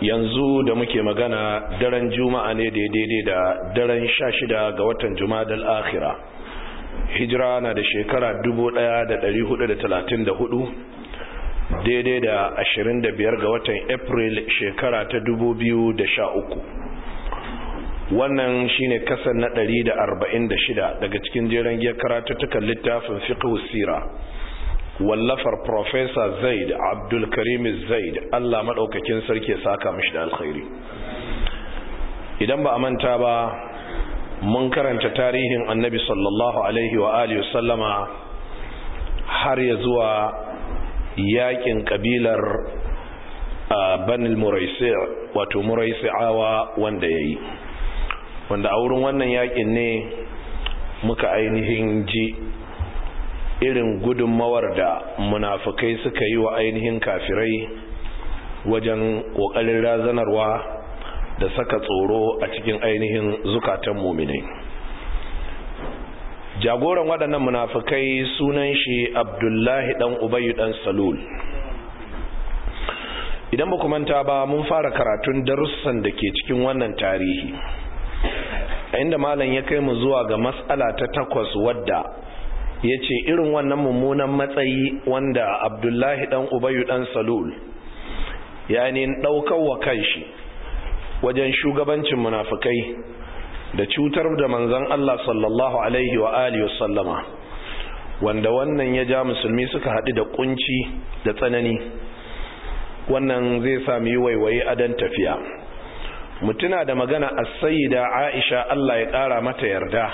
yanzu da muke magana daren juma'a ne daidai da daren sha shida ga watan jumadal akira hijira na da shekara 1434 daidai da ashirin 25 ga watan april shekara ta da sha uku. wannan shine kasan na da da arba'in shida daga cikin jeren giyar karatattukan littafin fiqh sira wallafar professor zaid abdulkarim zaid allah maɗaukakin sarki saka mashi da alkhairi idan ba a manta ba mun karanta tarihin annabi sallallahu alaihi wa alihi sallama har ya zuwa yakin kabilar banil muraisi wato Muraisi Awa wanda ya yi wanda a wurin wannan yakin ne muka ainihin ji irin gudunmawar da munafukai suka yi wa ainihin kafirai wajen ƙoƙarin razanarwa da saka tsoro a cikin ainihin zukatan muminai jagoran waɗannan munafukai sunan shi abdullahi ɗan ubayu ɗan salul idan ba manta ba mun fara karatun darussan da ke cikin wannan tarihi inda malam ya kai mu zuwa ga matsala ta takwas wadda ya ce irin wannan mummunan matsayi wanda abdullahi dan ubayu dan salul ya ne ɗaukar wa kanshi wajen shugabancin munafukai da cutar da manzan Allah sallallahu alaihi wa alihi sallama wanda wannan ya ja musulmi suka haɗu da ƙunci da tsanani wannan zai sami waiwaye dan tafiya mutuna da magana as-sayyida Aisha Allah ya ƙara mata yarda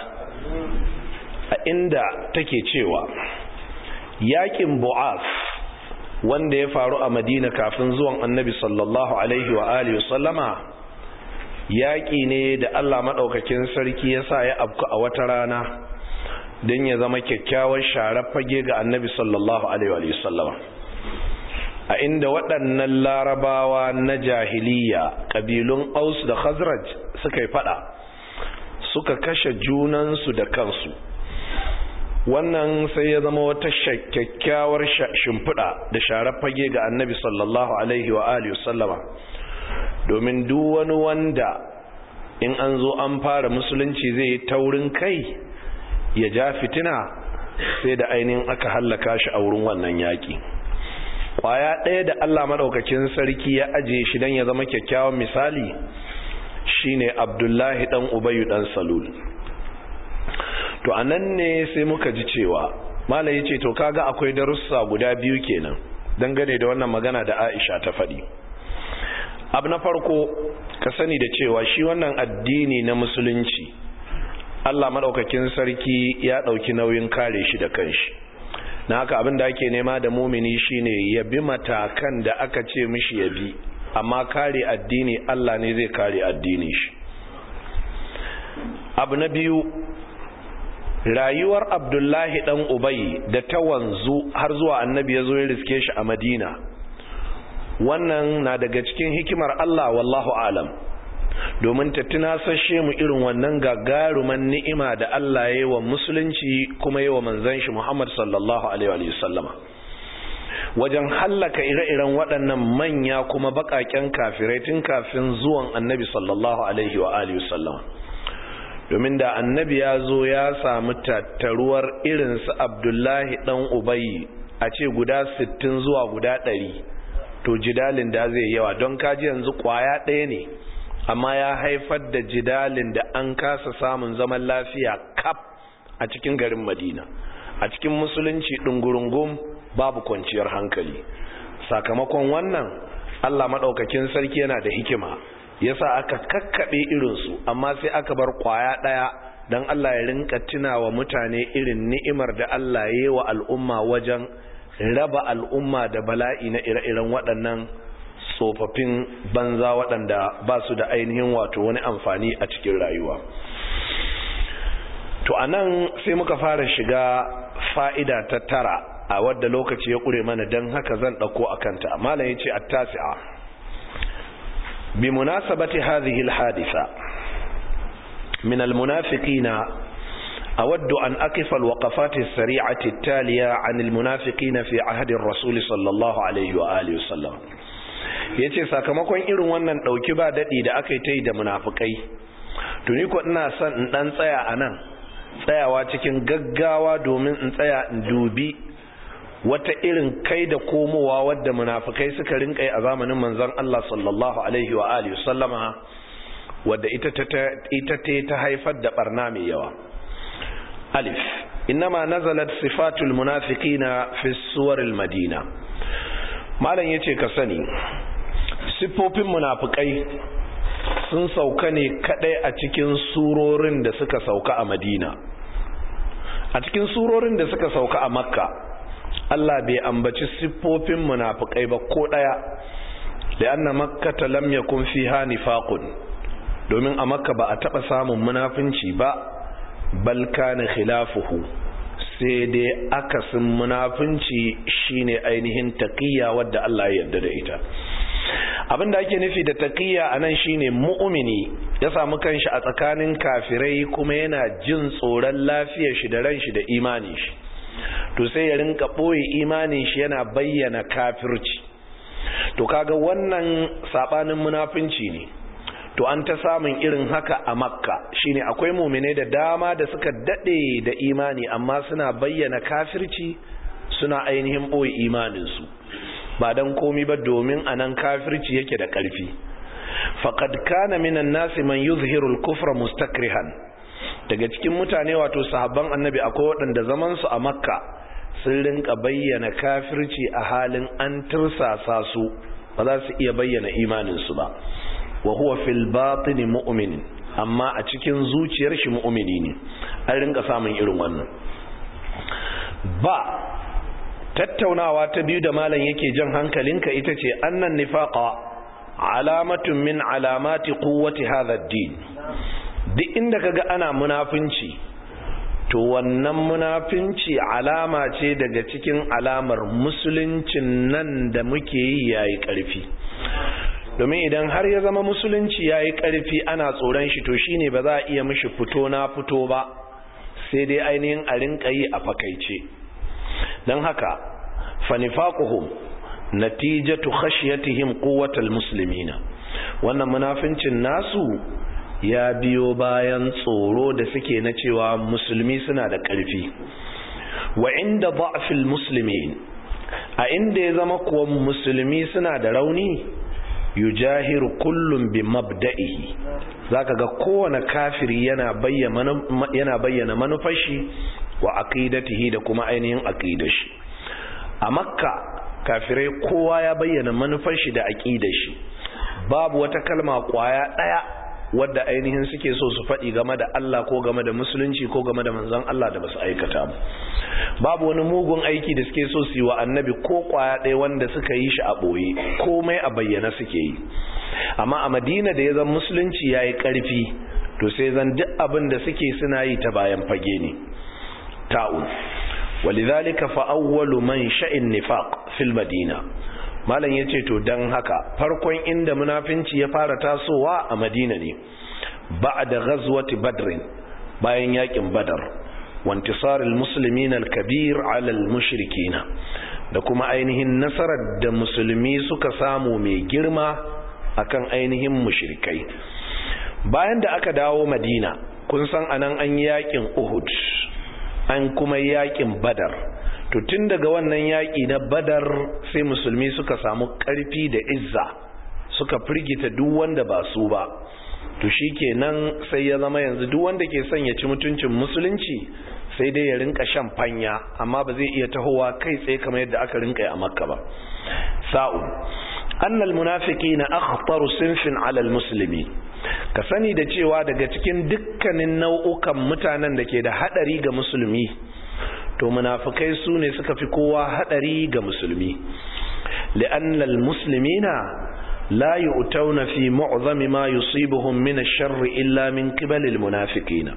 a inda take cewa yakin bu'af wanda ya faru a madina kafin zuwan annabi sallallahu alaihi wa alihi sallama yaƙi ne da allah maɗaukakin sarki ya sa ya abku a wata rana don ya zama kyakkyawar sharar fage ga annabi sallallahu alaihi wa sallama a inda waɗannan larabawa na jahiliya ƙabilun aus da khazraj suka yi faɗa suka kashe junansu da kansu wannan sai ya zama wata kyakkyawar shimfiɗa da sharar fage ga annabi sallallahu alaihi wa alihi sallama domin duk wani wanda in an zo an fara musulunci zai yi taurin kai ya ja fitina sai da ainihin aka hallaka shi a wurin wannan yaƙi Ƙwaya ɗaya da allah maɗaukakin sarki ya ajiye shi don ya zama kyakkyawan misali shine abdullahi ɗan ubayu ɗan salul to a nan ne sai muka ji cewa malam ya ce to kaga akwai darussa guda biyu kenan dangane da wannan magana da aisha ta faɗi abu na farko ka sani da cewa shi wannan addini na musulunci allah maɗaukakin sarki ya ɗauki nauyin kare shi da kanshi na haka abin da ake nema da mumini shine ya bi matakan da aka ce mishi ya bi amma kare addini allah ne zai kare addini shi abu na biyu rayuwar abdullahi dan ubai da ta wanzu har zuwa annabi ya zo ya riske shi a madina wannan na daga cikin hikimar allah wallahu alam domin ta tunasashe mu irin wannan gagaruman ni'ima da allah ya yi wa musulunci kuma ya yi wa manzan shi muhammad sallallahu alaihi wasallama wajen hallaka ire-iren waɗannan manya kuma baƙaƙen kafirai tun kafin zuwan annabi sallallahu alaihi wa alihi wasallama domin da annabi ya zo ya samu tattaruwar irinsu abdullahi dan ubayi a ce guda 60 zuwa guda 100 to jidalin da zai yawa don kaji yanzu kwaya ɗaya ne amma ya haifar da jidalin da an kasa samun zaman lafiya kaf a cikin garin madina a cikin musulunci ɗungurungun babu kwanciyar hankali sakamakon wannan allah maɗaukakin sarki yana da hikima yasa aka kakkaɓe irinsu amma sai aka bar kwaya ɗaya don Allah ya rinka tuna wa mutane irin ni'imar da Allah ya yi wa al'umma wajen raba al'umma da bala'i na ire-iren waɗannan tsofaffin banza waɗanda ba su da ainihin wato wani amfani a cikin rayuwa to a nan sai muka fara shiga fa'ida ta tara a wadda lokaci ya ƙure mana don haka zan ɗauko a kanta malam ya ce a tasi'a بمناسبة هذه الحادثة من المنافقين أود أن أقف الوقفات السريعة التالية عن المنافقين في عهد الرسول صلى الله عليه وآله وسلم yace sakamakon irin wannan ɗauki ba daɗi da aka yi ta yi da munafikai tuni ko ina son in ɗan tsaya a nan tsayawa cikin gaggawa domin in tsaya in dubi wata irin kai da komowa wadda munafikai suka rinka a zamanin manzon Allah sallallahu alaihi wa alihi sallama wadda ita ta ta haifar da barna mai yawa alif ma nazalat sifatul munafiqina fi suwaril madina malam yace ka sani sifofin munafikai sun sauka ne kadai a cikin surorin da suka sauka a madina a cikin surorin da suka sauka a makka Allah bai ambaci siffofin munafikai ba ko daya makka ta lam yakun fiha nifaqun domin a makka ba a taba samun munafinci ba bal kana khilafuhu sai dai akasin munafinci shine ainihin taqiyya wadda Allah ya yarda da ita abinda ake nufi da taqiyya anan shine mu'mini ya samu kanshi a tsakanin kafirai kuma yana jin tsoron lafiyar shi da ran shi da imanin shi to sai ya rinka ɓoye imanin shi yana bayyana kafirci to kaga wannan sabanin munafinci ne to an ta samun irin haka a makka shine akwai mumine da dama da suka dade da imani amma suna bayyana kafirci suna ainihin ɓoye imaninsu ba don komi ba domin a nan kafirci yake da ƙarfi faƙad kana minan nasi man yuzhirul kufra mustakrihan daga cikin mutane wato sahabban annabi akwai waɗanda zaman su a makka sun rinka bayyana kafirci a halin an tursasa su ba za su iya bayyana imaninsu ba wa huwa fil batini mu'min amma a cikin zuciyar shi mu'mini ne an rinka samun irin wannan ba tattaunawa ta biyu da malam yake jan hankalinka ita ce annan nifaqa alamatun min alamati quwwati hadha ad-din duk inda kaga ana munafinci to wannan munafinci alama ce daga cikin alamar musuluncin nan da muke yi yayi ƙarfi domin idan har ya zama musulunci yayi ƙarfi ana tsoron shi to shine ba za a iya mishi fito na fito ba sai dai ainihin a rinka yi a fakaice don haka fanifakuhu natijatu khashiyatihim quwwatal muslimina wannan munafincin nasu ya biyo bayan tsoro da suke na cewa musulmi suna da ƙarfi wa inda ba'fil muslimin a inda ya zama kuwa musulmi suna da rauni yujahiru kullum bi mabda'i zaka ga kowane kafiri yana bayyana yana bayyana manufashi wa aqidatihi da kuma ainihin aqidashi a makka kafirai kowa ya bayyana manufashi da aqidashi babu wata kalma kwaya ɗaya. wadda ainihin suke so su faɗi game da Allah ko game da musulunci ko game da manzon Allah da basu aikata ba babu wani mugun aiki da suke so su yi wa annabi ko kwaya ɗaya wanda suka yi shi a ɓoye komai a bayyana suke yi amma a madina da ya zan musulunci ya yi ƙarfi to sai zan duk abin da suke suna yi ta bayan fage ne ta'un fa awwalu man sha'in nifaq fil madina malam ya ce to don haka farkon inda munafinci ya fara tasowa a madina ne ba da ghazwati badrin bayan yakin badar wantisarar musulmin al-kabir alal mushrikina da kuma ainihin nasarar da musulmi suka samu mai girma akan ainihin mushrikai bayan da aka dawo madina kun san anan an yakin uhud an kuma yakin badar to tun daga wannan yaƙi na badar sai musulmi suka samu ƙarfi da izza suka firgita duk wanda ba su ba to shi kenan sai ya zama yanzu duk wanda ke son ya ci mutuncin musulunci sai dai ya rinka shan fanya amma ba zai iya tahowa kai tsaye kamar yadda aka rinka a makka ba sa'u annal na akhtaru sinfin alal musulmi. ka sani da cewa daga cikin dukkanin nau'ukan mutanen da ke da hadari ga musulmi to munafikai su ne suka fi kowa hadari ga musulmi li'annal muslimina la yu'tauna fi mu'zami ma yusibuhum min ash-sharri illa min qibali munafiqina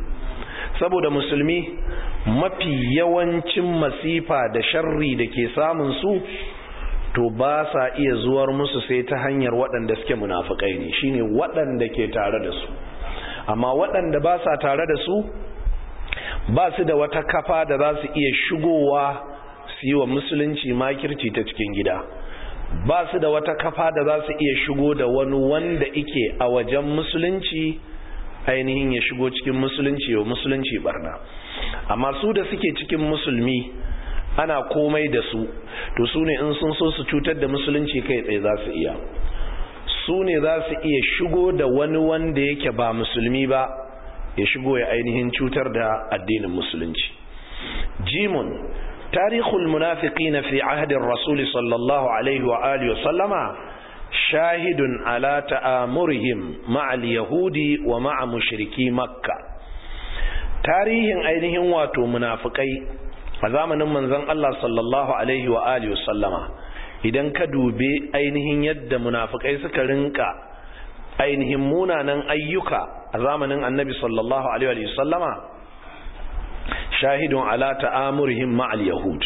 saboda musulmi mafi yawancin masifa da sharri da ke samun su to ba sa iya zuwar musu sai ta hanyar waɗanda suke munafikai ne shine waɗanda ke tare da su amma waɗanda ba sa tare da su ba su da wata kafa da za su iya shigowa su yi wa musulunci makirci ta cikin gida ba su da wata kafa da za su iya shigo da wani wanda ike a wajen musulunci ainihin ya shigo cikin musulunci wa musulunci barna amma su da suke cikin musulmi ana komai da su to su ne in sun so su cutar da musulunci kai tsaye za su iya su ne za su iya shigo da wani wanda yake ba musulmi ba ya shigo ya ainihin cutar da addinin musulunci jimun tarihul munafiqina fi ahdin rasuli sallallahu alaihi wa alihi wa sallama shahidun ala ta'amurihim ma'al yahudi wa ma'a mushiriki makka tarihin ainihin wato munafikai a zamanin manzon Allah sallallahu alaihi wa alihi sallama idan ka dube ainihin yadda munafikai suka rinka ainihin munanan ayyuka a zamanin annabi sallallahu alaihi wa sallama shahidun ala ta'amurihim ma'al yahud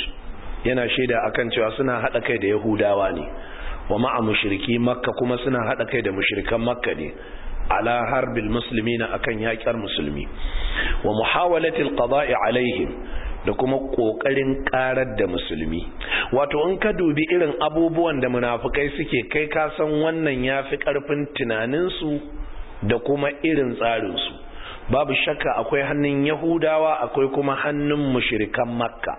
yana shaida akan cewa suna hada kai da yahudawa ne wa ma'a mushriki makka kuma suna hada kai da mushrikan makka ne ala harbil muslimina akan yaƙar musulmi wa muhawalatil qada'i alaihim da kuma kokarin karar da musulmi wato in ka dubi irin abubuwan da munafukai suke kai ka san wannan ya fi karfin tunaninsu da kuma irin tsarinsu babu shakka akwai hannun yahudawa akwai kuma hannun mushirikan makka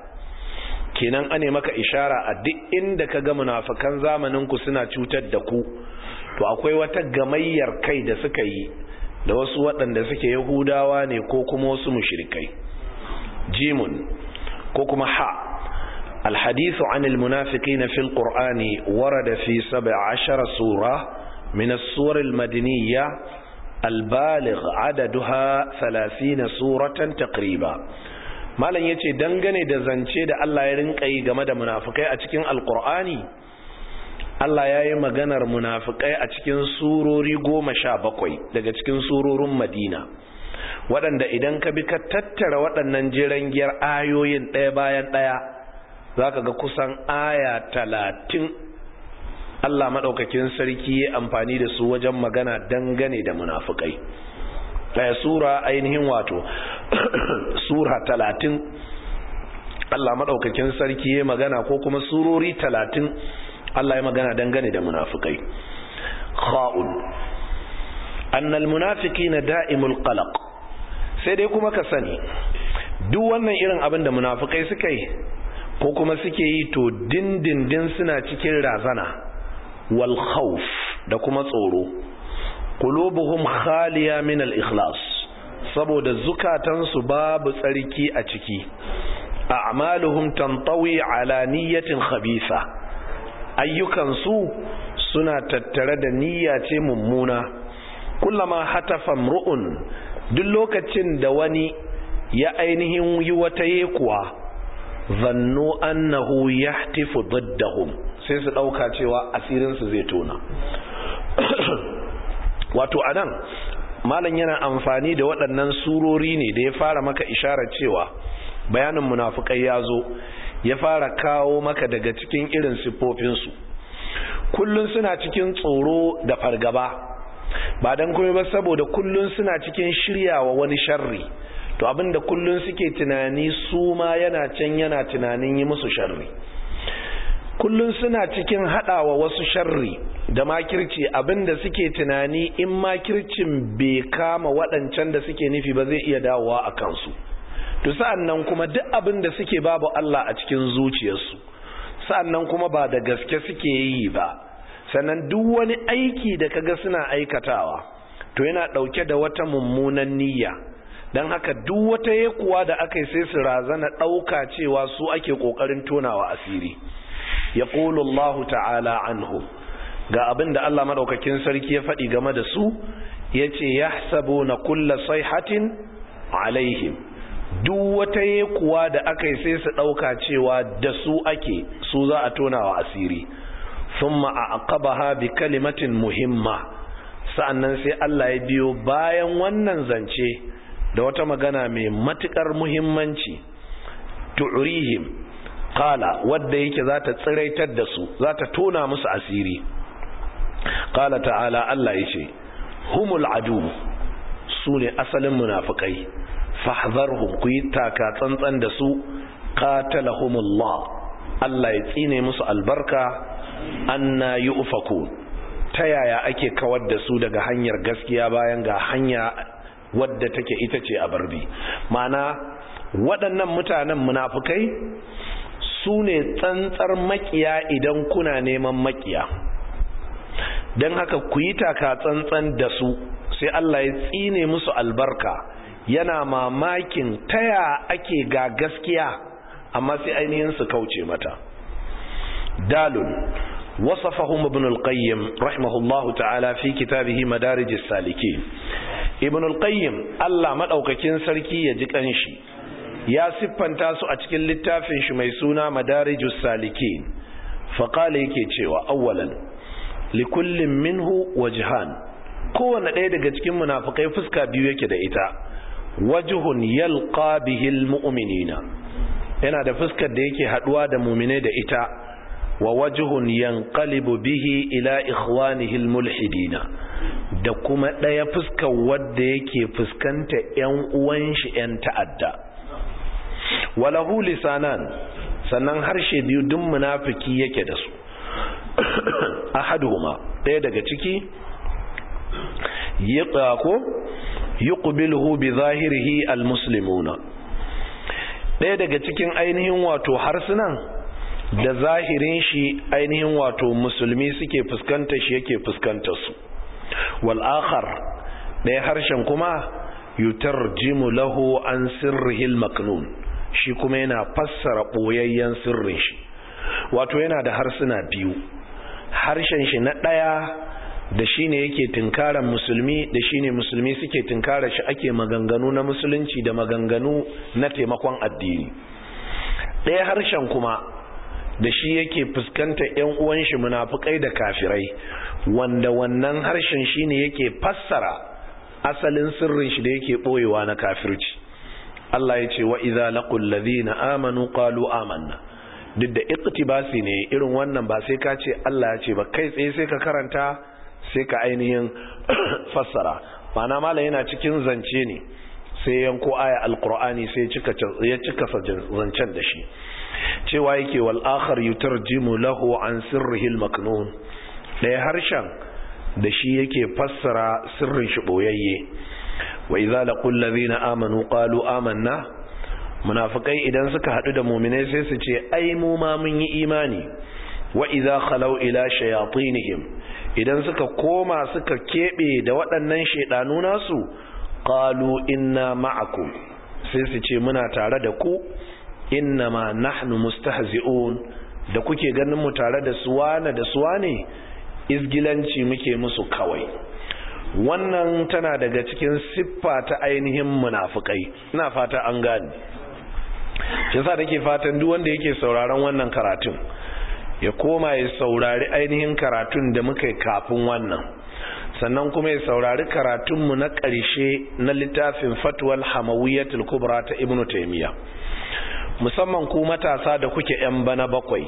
kenan ane maka ishara a duk inda ka ga munafukan zamaninku suna cutar da ku to akwai wata gamayyar kai da suka yi da wasu waɗanda suke yahudawa ne ko kuma wasu mushirikai jimun ko kuma ha الحديث عن المنافقين في القرآن ورد في سبع عشر سورة من السور المدنية البالغ عددها ثلاثين سورة تقريبا malam yace dangane da zance da Allah ya rinka yi game da munafikai a cikin alkur'ani Allah ya yi maganar munafikai a cikin surori goma sha bakwai daga cikin surorin madina waɗanda idan ka bi ka tattara waɗannan jiran giyar ayoyin ɗaya bayan ɗaya za ka ga kusan aya talatin Allah maɗaukakin sarki ya amfani da su wajen magana dangane da munafukai ɗaya sura ainihin wato sura talatin Allah maɗaukakin sarki ya magana ko kuma surori talatin Allah ya magana dangane da munafukai kha'un annal munafiqina da'imul qalaq sai dai kuma ka sani duk wannan irin abin da munafikai suka yi ko kuma suke yi to dindindin suna cikin razana wal khawf da kuma tsoro qulubuhum khaliya min al ikhlas saboda zukatansu babu tsarki a ciki a'maluhum tantawi ala niyyatin khabisa ayyukansu suna tattare da niyya ce mummuna kullama hatafa mru'un duk lokacin da wani ya ainihin yi wata yekuwa zannu annahu yahtifu diddahum sai su dauka cewa asirin su zai tona wato anan malam yana amfani da waɗannan surori ne da ya fara maka isharar cewa bayanin munafukai ya zo ya fara kawo maka daga cikin irin siffofinsu kullum suna cikin tsoro da fargaba ba dan kuma ba saboda kullun suna cikin shirya wa wani sharri to abinda kullun suke tunani su ma yana can yana tunanin yi musu sharri kullun suna cikin wa wasu sharri da makirci abinda suke tunani in makircin bai kama waɗancan da suke nufi ba zai iya dawowa a kansu to sa'an nan kuma duk abin da suke babu Allah a cikin zuciyarsu sa'an nan kuma ba da gaske suke yi ba sannan duk wani aiki da kaga suna aikatawa to yana ɗauke da wata mummunan niyya don haka duk wata yekuwa da aka yi sai su razana ɗauka cewa su ake ƙoƙarin tonawa asiri ya Allah ta'ala anhu ga abin da Allah maɗaukakin sarki ya faɗi game da su ya ce ya sabo na kulla hatin alaihim duk wata yekuwa da aka yi sai su ɗauka cewa da su ake su za a tonawa asiri a aqabaha bi kalimatin muhimma sa'annan sai Allah ya biyo bayan wannan zance da wata magana mai matukar muhimmanci tu'rihim qala wadda yake za ta tsiraitar da su za ta tona musu asiri qala ta'ala Allah ce, humul adu su ne asalin munafukai. fahzarhum ku yi taka tsantsan da su qatalahumullah Allah ya tsine musu albarka anna yu'faku ta yaya ake kawar da su daga hanyar gaskiya bayan ga hanya wadda take ita ce a barbi ma'ana waɗannan mutanen munafukai su ne tsantsar makiya idan kuna neman makiya don haka ku yi taka tsantsan da su sai Allah ya tsine musu albarka yana mamakin ta ya ake ga gaskiya amma sai ainihin su kauce mata dalun وصفهم ابن القيم رحمه الله تعالى في كتابه مدارج السالكين ابن القيم الله sarki ya ji ƙanshi. ya siffanta su a cikin littafin shi mai suna madarijus salikin faqala yake cewa awwalan likullin minhu wajhan kowanne ɗaya daga cikin munafikai fuska biyu yake da ita wajhun yalqa bihi almu'minina yana da fuskar da yake haɗuwa da mu'mine da ita wa wajhun yanqalibu bihi ila ikhwanihi almulhidina da kuma daya fuskar wadda yake fuskanta 'yan uwan shi yan ta'adda walahu lisanan sannan harshe biyu duk munafiki yake da su ahaduhuma daya daga ciki yiqako yuqbiluhu bi zahirihi almuslimuna daya daga cikin ainihin wato harsunan da zahirin shi ainihin wato musulmi suke fuskanta shi yake fuskanta su wal akhar ɗaya harshen kuma yutarjimu lahu an sirrihil maknun shi kuma yana fassara ɓoyayyen sirrin shi wato yana da harsuna biyu harshen shi na ɗaya da shi ne yake tinkara musulmi da shi ne musulmi suke tinkara shi ake maganganu na musulunci da maganganu na taimakon addini ɗaya harshen kuma da shi yake fuskanta yan uwan shi munafukai da kafirai wanda wannan harshen shi ne yake fassara asalin sirrin shi da yake boyewa na kafirci Allah ya ce wa idza laqul ladina amanu qalu amanna duk da iqtibasi ne irin wannan ba sai ka ce Allah ya ce ba kai tsaye sai ka karanta sai ka ainihin fassara ma'ana malam yana cikin zance ne sai yanko aya alqur'ani sai ya cika ya cika zancen da shi cewa yake wal yutar yutarjimu lahu an sirrihi al maknun ɗaya harshen da shi yake fassara sirrin shi boyayye wa idza laqul ladina amanu qalu amanna munafiqai idan suka hadu da mu'minai sai su ce ai mu ma mun yi imani wa idza khalau ila shayatinihim idan suka koma suka kebe da waɗannan shaidanu nasu qalu inna ma'akum sai su ce muna tare da ku innama nahnu mustahzi'un da kuke ganin mu tare da suwana da suwane izgilanci muke musu kawai wannan tana daga cikin siffa ta ainihin munafukai ina fata an gani shi yasa nake fatan duk wanda yake sauraron wannan karatun ya koma ya saurari ainihin karatun da muka kafin wannan sannan kuma ya saurari karatunmu na ƙarshe na littafin fatwal hamawiyatul kubra ta ibnu taymiya musamman ku matasa da kuke 'yan bana bakwai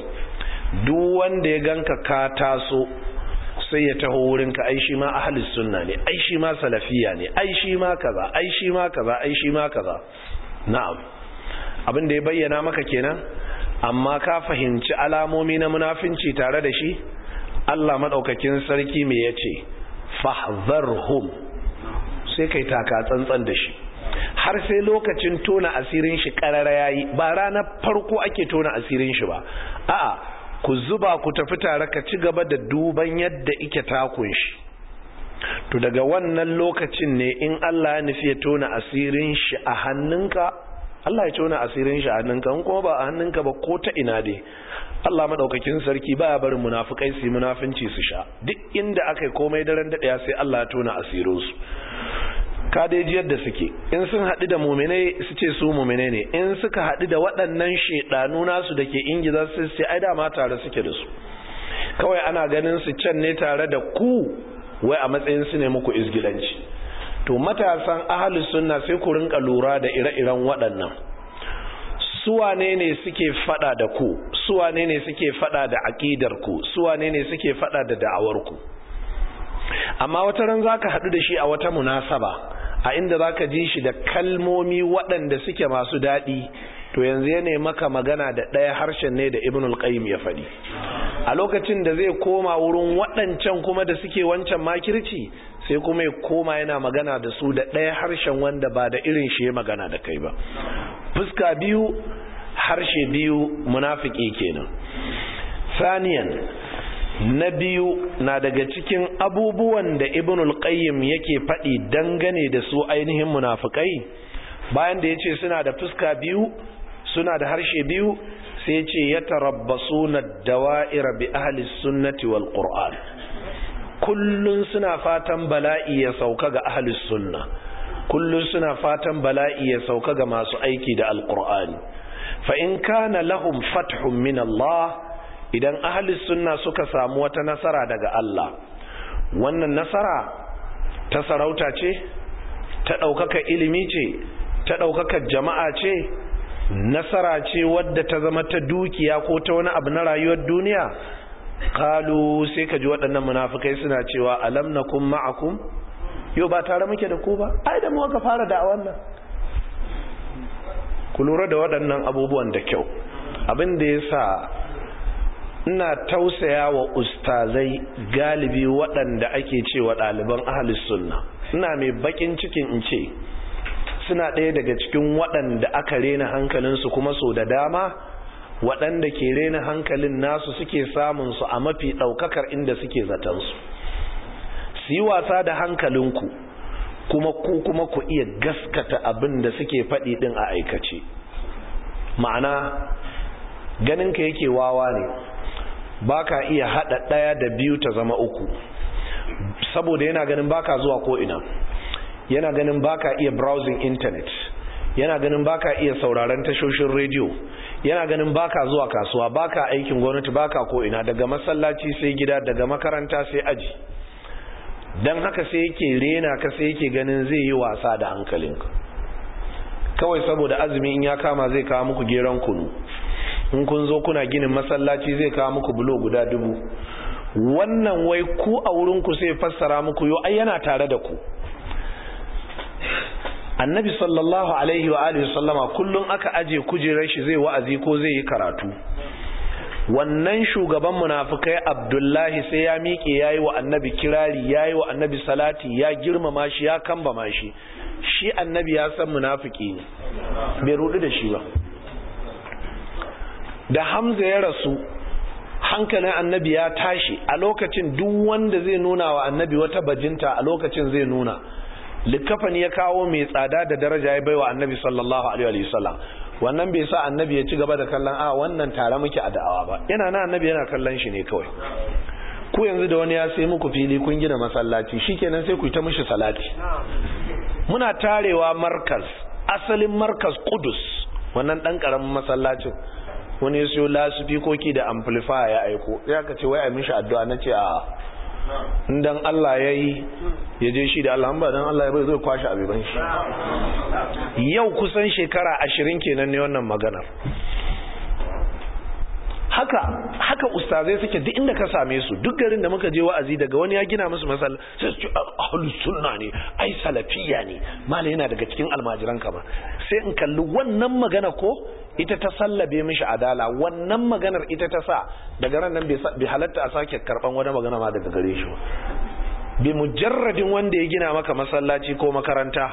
duk wanda ya ganka ka taso sai ya taho wurinka ai shi ma ahlus sunna ne ai shi ma salafiya ne ai shi ma kaza ai shi ma kaza ai shi ma kaza na'am abin da ya bayyana maka kenan amma ka fahimci alamomi na munafinci tare da shi Allah madaukakin sarki me yace fahzarhum sai kai taka tsantsan da shi har sai lokacin tona asirin shi karara yi ba ranar farko ake tona asirin shi ba a'a ku zuba ku tafi tare ka ci gaba da duban yadda ike takun shi to daga wannan lokacin ne in Allah ya nufi ya tona asirin shi a hannunka Allah ya tona asirin shi a hannunka in kuma ba a hannunka ba ko ta ina dai Allah madaukakin sarki baya barin munafukai su munafinci su sha duk inda aka komai daren daɗaya sai Allah ya tona asirin su ka dai da suke in sun haɗu da muminai su ce su muminai ne in suka haɗu da waɗannan shaidanu nasu da ke ingiza su ce ai dama tare suke da su kawai ana ganin su can ne tare da ku wai a matsayin su ne muku izgilanci to matasan ahalus sunna sai ku rinka lura da ire-iren waɗannan suwane ne suke fada da ku suwa ne suke fada da aƙidar ku suwa ne suke fada da da'awar ku amma wata ran zaka haɗu da shi a wata munasaba a inda za ka ji shi da kalmomi waɗanda suke masu daɗi to yanzu ya maka magana da ɗaya harshen ne da ibn al ya faɗi a lokacin da zai koma wurin waɗancan kuma da suke wancan makirci sai kuma ya koma yana magana da su da ɗaya harshen wanda ba da irin shi ya magana da kai ba fuska biyu harshe biyu munafiki kenan saniyan na biyu na daga cikin abubuwan da ibnul qayyim yake faɗi dangane da su ainihin munafikai bayan da yace suna da fuska biyu suna da harshe biyu sai yace yatarabbasuna dawa'ira bi ahli sunnati wal qur'an kullun suna fatan bala'i ya sauka ga ahli sunna kullun suna fatan bala'i ya sauka ga masu aiki da alqur'ani fa in kana lahum fathun min Allah idan ahalis sunna suka samu wata nasara daga Allah wannan nasara ta sarauta ce ta ɗaukaka ilimi ce ta ɗaukaka jama'a ce nasara ce wadda ta zama ta dukiya ko ta wani abu na rayuwar duniya kalu sai ka ji waɗannan munafukai suna cewa alam na kun ma'akum yau ba tare muke da ku ba ai da mu fara da wannan? ku lura da waɗannan abubuwan da kyau abin da ya sa ina tausaya wa ustazai galibi waɗanda ake cewa ɗaliban ahalis sunna ina mai bakin cikin in ce suna ɗaya daga cikin waɗanda aka rena hankalinsu kuma so da dama waɗanda ke rena hankalin nasu suke samun su a mafi ɗaukakar inda suke zatansu su yi wasa da hankalinku kuma ku kuma ku iya gaskata abin da suke faɗi ɗin a aikace ma'ana ganinka yake wawa ne baka iya hada daya da biyu ta zama uku saboda yana ganin baka zuwa ko ina yana ganin baka iya browsing internet yana ganin baka iya sauraron tashoshin rediyo yana ganin baka zuwa kasuwa baka aikin gwamnati baka ko ina daga masallaci sai gida daga makaranta sai aji dan haka sai yake rena ka sai yake ganin zai yi wasa da hankalinka kawai saboda azumi in ya kama zai kawo muku geron kunu in kun zo kuna ginin masallaci zai kawo muku bulo guda dubu wannan wai ku a wurinku sai fassara muku yo ai yana tare da ku annabi sallallahu alaihi wa alihi sallama kullum aka aje kujerar shi zai wa'azi ko zai yi karatu wannan shugaban munafikai abdullahi sai ya miƙe ya yi wa annabi kirari ya yi wa annabi salati ya girmama shi ya kamba ma shi shi annabi ya san munafiki ne bai rudu da shi ba da hamza ya rasu hankalin annabi ya tashi a lokacin duk wanda zai nuna wa annabi wata bajinta a lokacin zai nuna likafan ya kawo mai tsada da daraja ya baiwa annabi sallallahu alaihi wasallam wannan bai sa annabi ya ci gaba da kallon a wannan tare muke a da'awa ba yana na annabi yana kallon shi ne kawai ku yanzu da wani ya sai muku fili kun gina masallaci shikenan sai ku yi ta mishi salati muna tarewa markaz asalin markaz kudus wannan dan karamin masallacin wani ya siyo lasifikoki da amplifier ya aiko ya ka ce wai a mishi addu'a na ce a dan Allah ya yi ya je shi da Allah ba dan Allah ya bai zai kwashe abin shi yau kusan shekara ashirin kenan ne wannan maganar haka haka ustazai suke duk inda ka same su duk garin da muka je wa'azi daga wani ya gina musu masal sai su ah, ahlus sunna ne ai salafiya ne malai yana daga cikin almajiran ka ba sai in kalli wannan magana ko ita ta sallabe mishi adala wannan maganar ita ta sa daga ran nan bai halatta a sake karban wani magana ma daga gare shi bi mujarradin wanda ya gina maka masallaci ko makaranta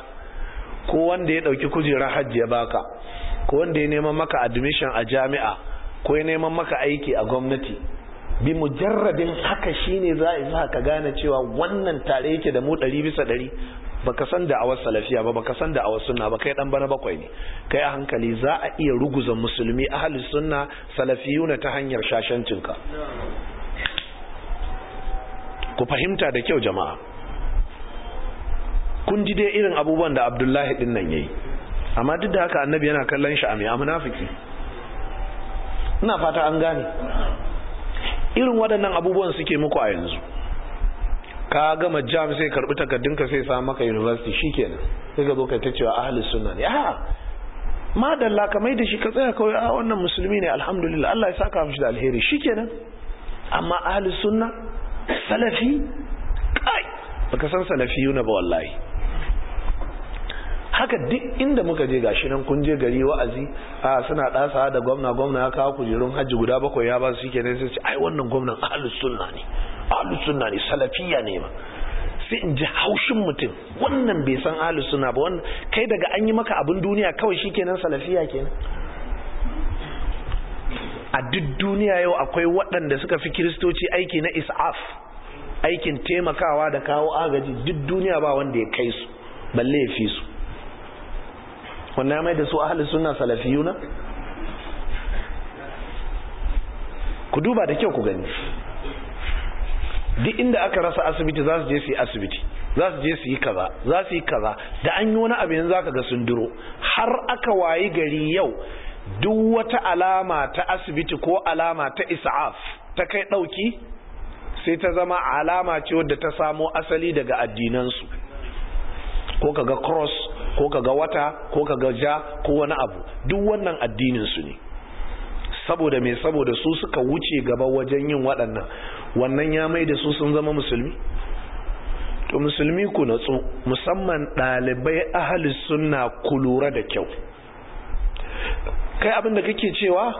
ko wanda ya dauki kujerar hajji ya baka ko wanda ya neman maka admission a jami'a ko ya neman maka aiki a gwamnati bi mujarrabin haka shine za a sa ka gane cewa wannan tare yake da mu ɗari bisa ɗari baka san da awar salafiya ba baka san da awar sunna ba kai dan bana bakwai ne kai a hankali za a iya ruguza musulmi ahli sunna salafiyuna ta hanyar shashancinka ku fahimta da kyau jama'a kun ji dai irin abubuwan da abdullahi din nan yayi amma duk da haka annabi yana kallon shi a mai munafiki ina fata an gane irin waɗannan abubuwan suke muku a yanzu ka gama jam sai karbi takardunka sai sa maka university shikenan sai kai ta cewa ahli sunna ne a madalla ka mai da shi ka tsaya kawai a wannan musulmi ne alhamdulillah Allah ya saka mishi da alheri shikenan amma ahli sunna salafi kai baka san salafiyuna ba wallahi haka duk inda muka je gashi nan kun je gari wa'azi a suna ɗasa da gwamna gwamna ya kawo kujerun hajji guda bakwai ya ba su shike ne sai ce ai wannan gwamnan ahlus sunna ne ahlus sunna ne salafiya ne ba sai in ji haushin mutum wannan bai san ahlus sunna ba wannan kai daga an yi maka abin duniya kawai shikenan salafiya kenan a duk duniya yau akwai waɗanda suka fi kiristoci aiki na is'af aikin taimakawa da kawo agaji duk duniya ba wanda ya kai su balle ya fi su wannan mai da su suna suna salafiyuna ku duba da kyau ku gani duk inda aka rasa asibiti za su je su yi asibiti za su je su yi kaza za su yi kaza da an yi wani abin za ka ga sun har aka wayi gari yau duk wata alama ta asibiti ko alama ta isa'af ta kai ɗauki sai ta zama alama ce wadda ta samo asali daga addinansu ko kaga cross ko ga wata ko ga ja ko wani abu duk wannan addinin su ne saboda me saboda su suka wuce gaba wajen yin waɗannan wannan ya mai da su sun zama musulmi to musulmi ku natsu musamman ɗalibai ahali suna ku lura da kyau kai abin da kake cewa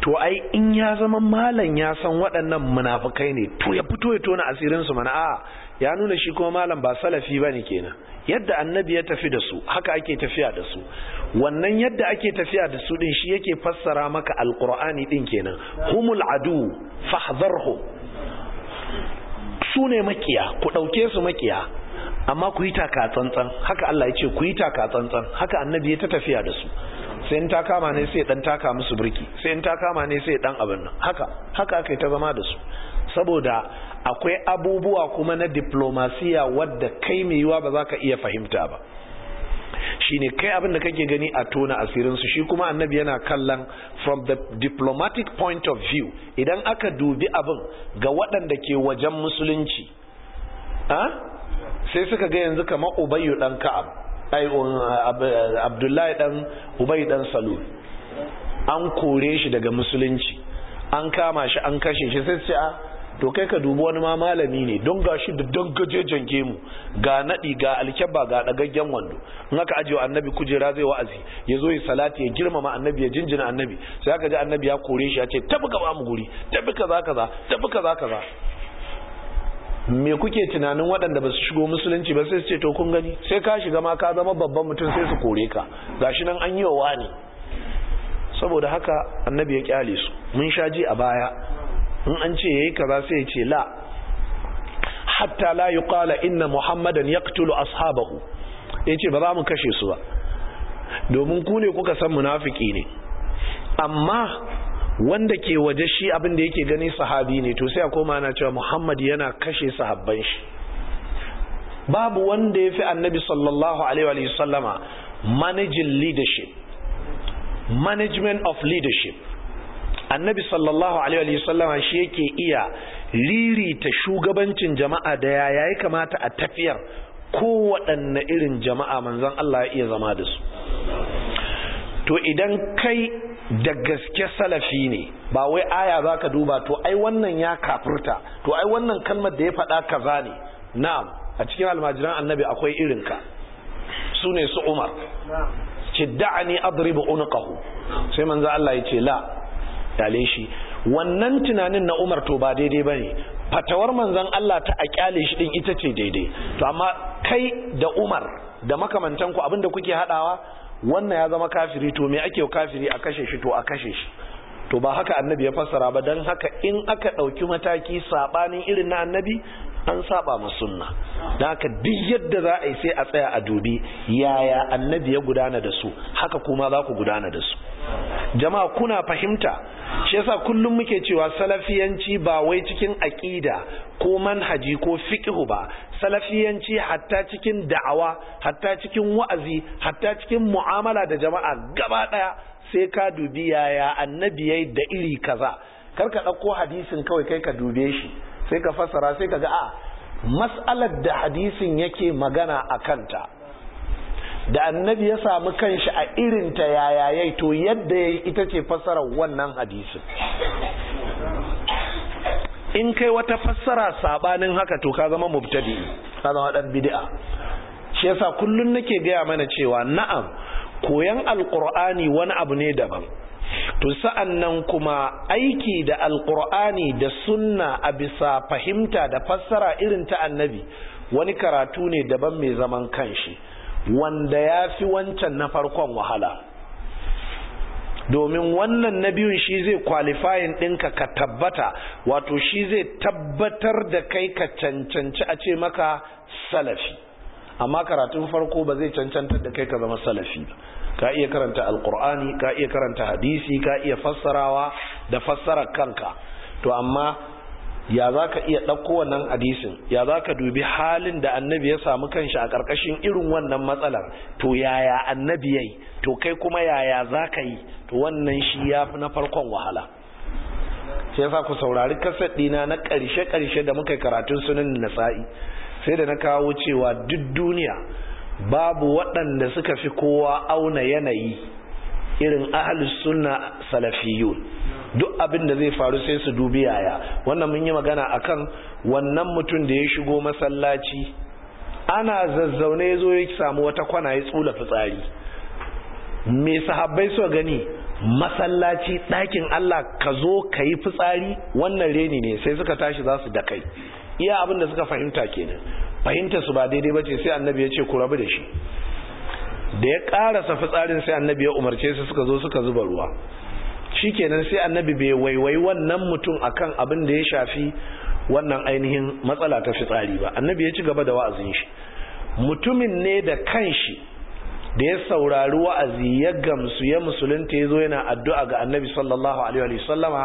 to ai in ya zama malam ya san waɗannan munafukai ne to ya fito ya tona asirinsu mana a ya nuna shi kuma malam ba salafi ne kenan yadda annabi ya tafi da su haka ake tafiya da su wannan yadda ake tafiya da su din shi yake fassara maka alqur'ani din kenan humul adu fahdharhu su ne makiya ku dauke su makiya amma ku yi taka tsantsan haka Allah ya ce ku yi taka tsantsan haka annabi ya ta tafiya da su sai in ta kama ne sai dan taka musu birki sai in ta kama ne sai dan abin nan haka haka aka ta zama da su saboda akwai abubuwa kuma na diplomasiya wadda kai mai yiwa ba za ka iya fahimta ba Shi ne kai abin da kake gani a tona asirinsu shi kuma annabi yana kallon from the diplomatic point of view idan aka dubi abin ga waɗanda ke wajen musulunci sai suka ga yanzu kama ubayu ɗan ka'ab um, abdullahi ɗan ubayu ɗan salul an kore shi daga musulunci an kama shi an kashe shi sai ce a ah, to kai ka dubi wani ma malami ne don gashi da don gajejen gemu ga nadi ga alkyabba ga ɗagaggen wando in aka ajiye wa annabi kujera zai wa'azi ya zo ya salati ya girmama annabi ya jinjina annabi sai aka ji annabi ya kore shi ya ce tafi ka ba mu guri tafi kaza kaza tafi kaza kaza me kuke tunanin waɗanda ba su shigo musulunci ba sai su ce to kun gani sai ka shiga ma ka zama babban mutum sai su kore ka gashi nan an yi wa wani saboda haka annabi ya kyale su mun sha ji a baya in an ce ya yayi kaza sai ya ce la hatta la yuqala inna muhammadan kutulu ashabahu ce ba za mu kashe su ba domin ku ne kuka san munafiki ne amma wanda ke waje shi abinda da yake gani sahabi ne to sai a koma na cewa muhammad yana kashe sahabban shi babu wanda ya fi annabi sallallahu alaihi wa sallama managing leadership management of leadership annabi sallallahu alaihi sallama shi yake iya lirita shugabancin jama'a da ya ,yayi kamata a tafiyar ko kowaɗanne irin jama'a manzan Allah ya iya zama da su to idan kai da gaske salafi ne ba wai aya za ka duba to ai wannan ya kafurta to ai wannan kalmar da ya faɗa kaza ne na'am a cikin almajiran annabi akwai irinka su ne su umar ce da'ani adribu unqahu sai manzo Allah ya ce la kyale shi wannan tunanin na Umar to ba daidai bane fatawar manzon Allah ta a kyale shi din ita ce daidai to amma kai da Umar da makamantan ku abinda kuke hadawa wannan ya zama kafiri to me ake kafiri a kashe shi to a kashe shi to ba haka annabi ya fassara ba don haka in aka ɗauki mataki saɓanin irin na annabi an saba ma sunna da haka duk yadda za a yi sai a tsaya a dubi yaya annabi ya gudana da su haka kuma za ku gudana da su jama'a kuna fahimta shi yasa kullum muke cewa salafiyanci ba wai cikin aqida ko manhaji ko fiqhu ba salafiyanci hatta cikin da'awa hatta cikin wa'azi hatta cikin mu'amala da jama'a gaba daya sai ka dubi yaya annabi yayi da iri kaza kar ka dauko hadisin kawai kai ka dube shi sai ka fasara sai ka ga a ah, mas'alar da hadisin yake magana a kanta da annabi ya samu kanshi a irin irinta yayayai to yadda ya ita ce fassarar wannan hadisin in kai wata fassara sabanin haka to ka zama mubtadi ka zama dan bid'a shi yasa kullun nake gaya mana cewa na'am koyan alqur'ani wani abu ne daban to sa'annan kuma aiki da alkur'ani da sunna a bisa fahimta da fassara irin ta annabi wani karatu ne daban mai zaman kanshi wanda ya fi wancan na farkon wahala domin wannan na biyun shi zai kwalifayin ɗinka ka tabbata wato shi zai tabbatar da kai ka cancanci a ce maka salafi amma karatun farko ba zai cancantar da kai ka zama salafi ba ka iya karanta alkur'ani ka iya karanta hadisi ka iya fassarawa da fassarar kanka to amma ya za ka iya ɗauko wannan hadisin ya za ka dubi halin da annabi ya samu kanshi a ƙarƙashin irin wannan matsalar to yaya annabi yayi yi to kai kuma yaya za ka yi to wannan shi ya fi na farkon wahala sai yasa ku saurari kasar ɗina na ƙarshe karshe da muka karatun sunan nasa'i sai da na kawo cewa duk duniya babu waɗanda suka fi kowa auna yanayi irin ahalus sunna salafiyun duk abin da zai faru sai su dubi yaya wannan mun yi magana akan wannan mutum da ya shigo masallaci ana zazzaune ya zo ya samu wata kwana ya tsula fitsari me sahabbai so gani masallaci ɗakin Allah ka zo ka yi fitsari wannan reni ne sai suka tashi za su da kai iya abin da suka fahimta kenan fahimta su ba daidai bace sai annabi ya ce ku rabu da shi da ya karasa fitsarin sai annabi ya umarce su suka zo suka zuba ruwa shikenan sai annabi bai waiwai wannan mutum akan abin da ya shafi wannan ainihin matsala ta fitsari ba annabi ya ci gaba da wa'azin shi mutumin ne da kanshi da ya saurari wa'azi ya gamsu ya musulunta ya zo yana addu'a ga annabi sallallahu alaihi wa sallama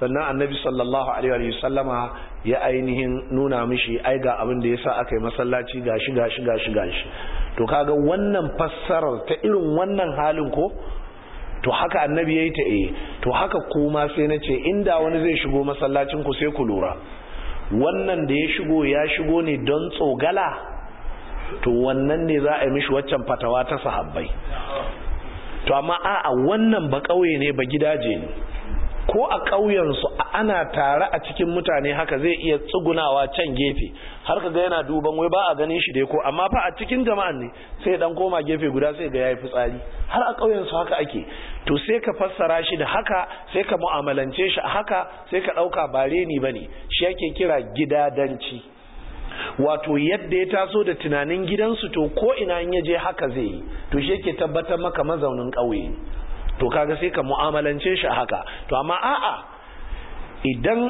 sannan annabi sallallahu alaihi wa sallama ya ainihin nuna mishi ai ga abin da yasa aka yi masallaci gashi gashi gashi gashi to kaga wannan fassarar ta irin wannan halin ko to haka annabi yayi ta eh to haka kuma sai nace inda wani zai shigo masallacin ku sai ku lura wannan da ya shigo ya shigo ne don tsogala to wannan ne za a yi mishi waccan fatawa ta sahabbai to amma a'a wannan ba kauye ne ba gidaje ne ko a ƙauyensu ana tare a cikin mutane haka zai iya tsugunawa can gefe har ka ga yana duban wai ba a ganin shi dai ko amma fa a cikin jama'an ne sai dan koma gefe guda sai ga yayi fitsari har a ƙauyensu haka ake to sai ka fassara shi da haka sai ka mu'amalance shi haka sai ka ɗauka ba reni bane shi yake kira gidadanci wato yadda ya taso da tunanin gidansu to ko ina in ya je haka zai yi to shi yake tabbatar maka mazaunin ƙauye to kaga sai ka mu'amalance shi haka to amma a'a idan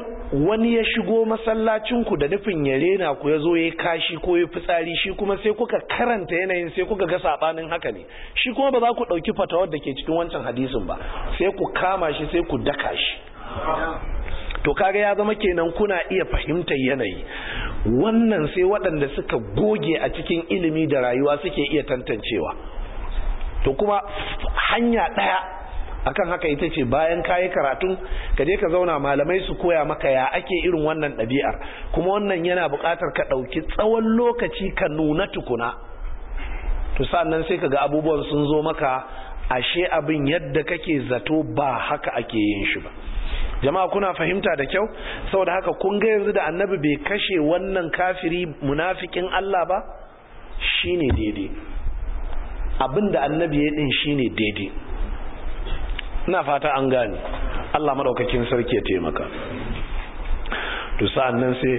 wani ya shigo masallacinku da nufin ya rena ku ya zo ya kashi ko ya fitsari shi kuma sai kuka karanta yanayin sai kuka ga sabanin haka ne shi kuma ba za ku ɗauki fatawar da ke cikin wancan hadisin ba sai ku kama shi sai ku daka shi to kaga ya zama kenan kuna iya fahimtar yanayi wannan sai waɗanda suka goge a cikin ilimi da rayuwa suke iya tantancewa to kuma hanya ɗaya akan haka ita ce bayan kayi karatu ka je ka zauna malamai su koya maka ya ake irin wannan ɗabi'ar kuma wannan yana buƙatar ka ɗauki tsawon lokaci ka nuna tukuna to sannan sai ka ga abubuwan sun zo maka ashe abin yadda kake zato ba haka ake yin shi ba jama'a kuna fahimta da kyau saboda haka kun ga yanzu da annabi bai kashe wannan kafiri munafikin Allah ba shine daidai abin annabi ya din shine daidai ina fata an gani. Allah madaukakin sarki ya taimaka to sa'an nan sai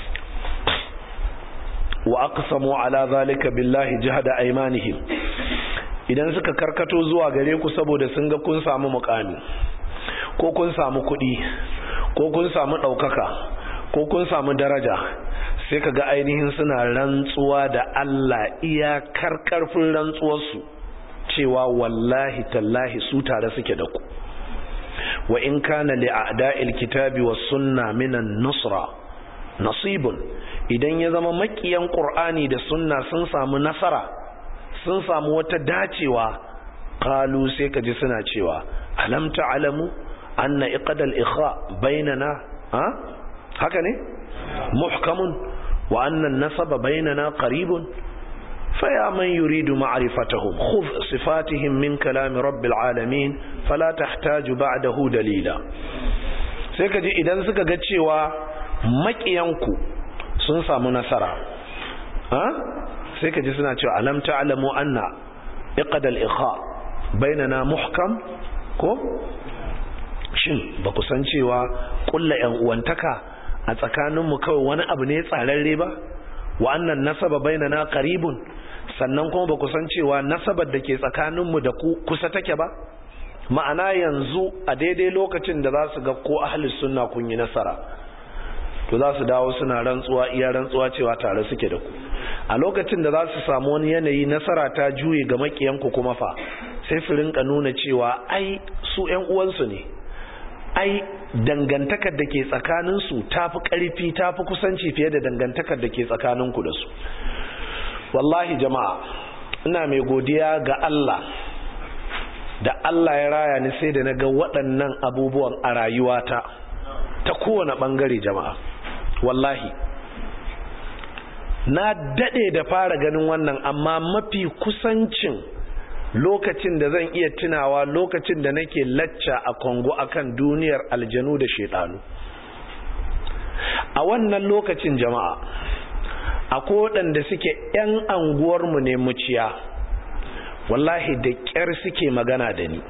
wa aqsamu ala zalika billahi jahada aymanihim idan suka karkato zuwa gare ku saboda sun ga kun samu mukami ko kun samu kuɗi ko kun samu ɗaukaka ko kun samu daraja sai ka ga ainihin suna rantsuwa da Allah iya karfin rantsuwarsu cewa wallahi tallahi su tare suke da ku wa in kana li a'da'il kitabi was sunna minan nusra nasibun idan ya zama makiyan qur'ani da sunna sun samu nasara sun samu wata dacewa qalu sai ka ji suna cewa alam ta'lamu anna iqdal ikha bainana ha haka ne muhkamun wa anna nasaba bainana qaribun فيا من يريد معرفتهم خذ صفاتهم من كلام رب العالمين فلا تحتاج بعده دليلا sai ka ji idan suka ga cewa makiyanku sun samu nasara sai ka ji suna cewa alam ta'lamu anna iqad al-ikha bainana muhkam ko shin ba ku san cewa ƙulla yan uwantaka a tsakaninmu kawai wani abu ne tsararre ba wa annan nasaba na qaribun sannan kuma ba ku san cewa nasabar da ke tsakaninmu da ku kusa take ba ma'ana yanzu a daidai lokacin da za su ga ko ahlus sunna kun yi nasara to za su dawo suna rantsuwa iya rantsuwa cewa tare suke da ku a lokacin da za su samu wani yanayi nasara ta juye ga makiyanku kuma fa sai su rinka nuna cewa ai su ƴan uwansu ne ai dangantakar da ke tsakaninsu ta fi ƙarfi ta fi kusanci fiye da dangantakar da ke tsakaninku da su wallahi jama'a ina mai godiya ga Allah da Allah ya raya ni sai da na ga waɗannan abubuwan a rayuwata ta kowane ɓangare jama'a wallahi na daɗe da fara ganin wannan amma mafi kusancin lokacin da zan iya tunawa lokacin da nake lacca a kongo akan duniyar aljanu da shedanu a wannan lokacin jama'a a ko waɗanda suke 'yan anguwarmu ne muciya wallahi da ƙyar suke magana da ni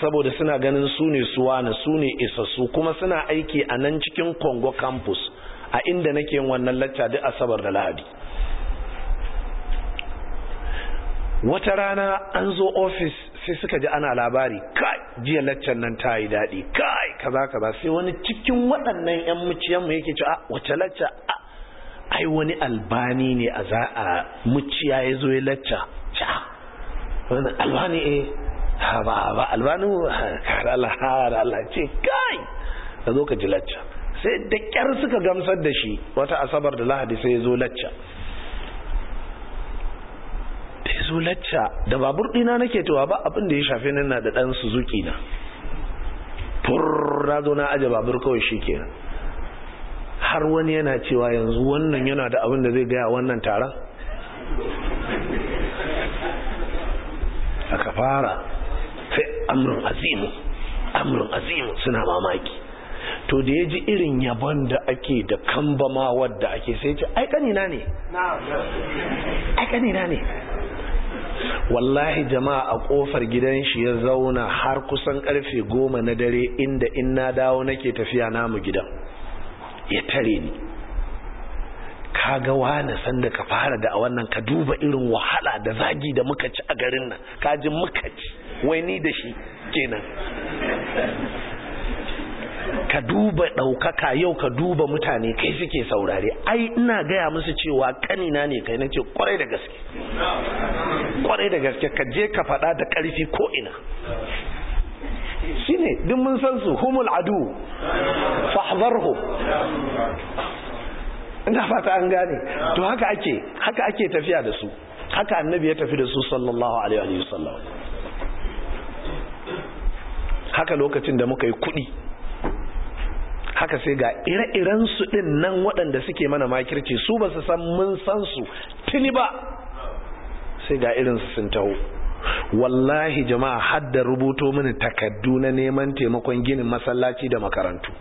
saboda suna ganin su ne suwana su ne isassu kuma suna aiki a nan cikin kongo campus a inda nake wannan lacca duk asabar da lahadi wata rana an zo ofis sai suka ji ana labari kai jiya laccan nan ta yi daɗi kai kaza kaza sai wani cikin waɗannan yan muciyan mu yake cewa ah, wata lacca ah, ai wani albani ne a za a muciya ya zo ya lacca ca wani albani eh ha ba ba albani kare Allah kare Allah ce kai ka zo ka ji lacca sai da kyar suka gamsar da shi wata asabar da lahadi sai ya zo lacca zo da babur dina nake towa ba abin da ya shafe nan na da dan Suzuki na fur na na aje babur kawai shikenan har wani yana cewa yanzu wannan yana da abin da zai gaya wannan taron aka fara sai amrun azimu amrun azimu suna mamaki to da ya ji irin yabon da ake da kambama wadda ake sai ce aikani na ne aikani na ne wallahi jama'a a kofar gidan shi ya zauna har kusan karfe goma na dare inda in dawo nake tafiya namu gidan ya tare ni kaga wani sanda ka fara da a wannan ka duba irin wahala da zagi da muka ci a garin nan kaji muka ci wai ni da shi kenan ka duba ɗaukaka yau ka duba mutane kai suke saurare ai ina gaya musu cewa kanina ne kai nace kwarai da gaske kwarai da gaske ka je ka faɗa da ƙarfi ko ina shine duk mun san su humul adu fahdharhu ina fata an gane to haka ake haka ake tafiya da su haka annabi ya tafi da su sallallahu alaihi wa sallam, haka lokacin da muka yi kuɗi haka sai ga ire-iren su din nan waɗanda suke mana makirci su ba su san mun san su tuni ba sai ga irin su sun taho wallahi jama'a hadda rubuto mini takaddu na neman taimakon ginin masallaci da makarantu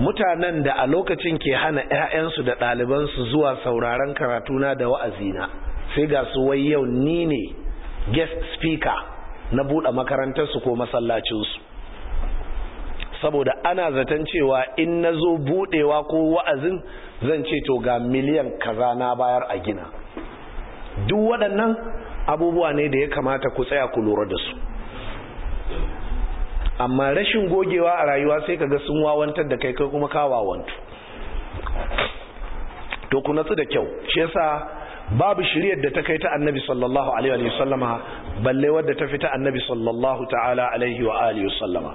mutanen da a lokacin ke hana 'ya'yansu da ɗalibansu zuwa sauraron karatuna da wa'azina sai ga su wai yau ni ne guest speaker na buɗe makarantarsu ko masallacinsu saboda ana zaton cewa in na zo budewa ko wa'azin zan ce to ga miliyan kaza na bayar a gina duk waɗannan abubuwa ne da ya kamata ku tsaya ku lura da su amma rashin gogewa a rayuwa sai kaga sun wawantar da kai kai kuma kawawantu to ku natsu da kyau shi yasa babu shiryar da ta kai ta annabi sallallahu alaihi wa sallama balle wadda ta fita annabi sallallahu ta'ala alaihi wa alihi wa sallama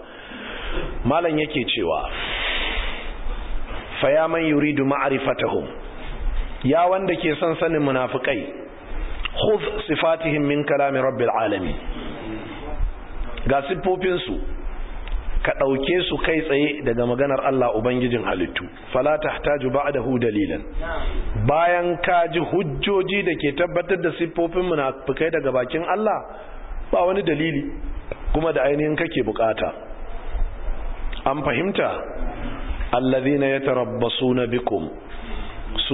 malam yake cewa faya man yuridu ma'rifatahum ya wanda ke son sanin munafikai khudh sifatihim min kalami rabbil alamin ga sifofin su ka dauke su kai tsaye daga maganar Allah ubangijin halittu fala tahtaju ba'dahu dalilan bayan ka ji hujjoji da ke tabbatar da siffofin munafikai daga bakin Allah ba wani dalili kuma da ainihin kake bukata an fahimta ya allazina yatarabbasuna bikum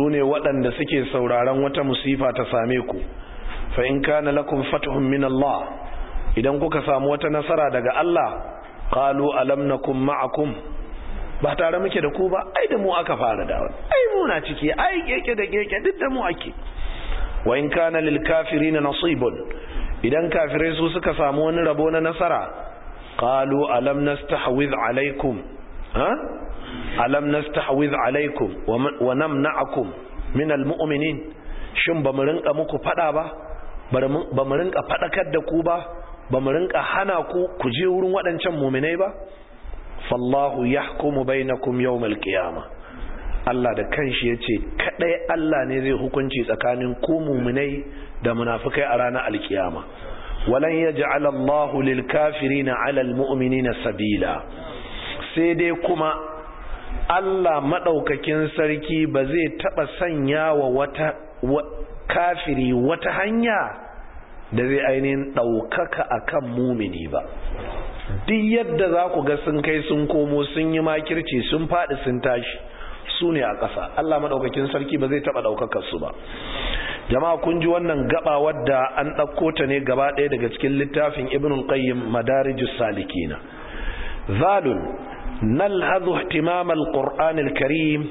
ne waɗanda suke sauraron wata musifa ta same ku fa in lakum fathun min Allah idan kuka samu wata nasara daga Allah qalu alam nakum ma'akum ba tare muke da ku ba ai da mu aka fara dawa ai mu na ciki ai keke da keke duk da mu ake wa in kana lil na nasibun idan kafirai su suka samu wani rabo na nasara qalu alam nastahwiz alaikum ha alam nastahwiz alaikum wa namna'akum min almu'minin shin ba mu rinka muku fada ba ba mu rinka fadakar da ku ba ba mu rinka hana ku ku je wurin waɗancan muminai ba fallahu yahkumu bainakum yawmal qiyamah Allah da kanshi ya ce kaɗai Allah ne zai hukunci tsakanin ko muminai da munafukai a ranar alkiyama walan yaj'al Allahu lil kafirina 'ala al mu'minina sabila sai dai kuma Allah madaukakin sarki ba zai taba sanya wa wata kafiri wata hanya da zai ainihin ɗaukaka akan mumini ba duk yadda za ku ga sun kai sun komo sun yi makirci sun faɗi sun tashi su ne a ƙasa Allah maɗaukakin sarki ba zai taɓa ɗaukakar su ba jama'a kun ji wannan gaba wadda an ɗauko ta ne gaba ɗaya daga cikin littafin ibnul qayyim madarijus salikina zalun nalhadhu ihtimam alquran alkarim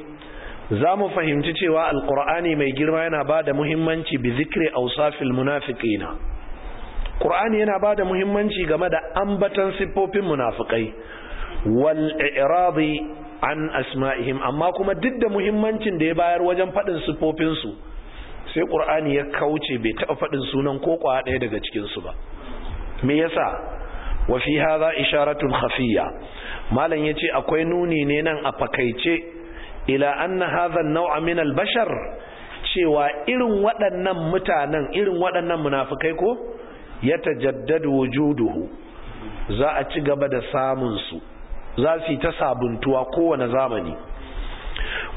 za mu fahimci cewa alkur'ani mai girma yana ba da muhimmanci bi zikri ausafil munafiqina qur'ani yana ba da muhimmanci game da ambatan siffofin munafikai wal i'radi an asma'ihim amma kuma duk da muhimmancin da ya bayar wajen faɗin su, sai ƙur'ani ya kauce bai taɓa faɗin sunan ko kwa ɗaya daga cikinsu ba me yasa wa fi hadha isharatun khafiyya malam yace akwai nuni ne nan a fakaice ila anna hadha nawa min al cewa irin waɗannan mutanen irin waɗannan munafikai ko ya tajaddadu wujuduhu za a ci gaba da samun su za su ta sabuntuwa kowane zamani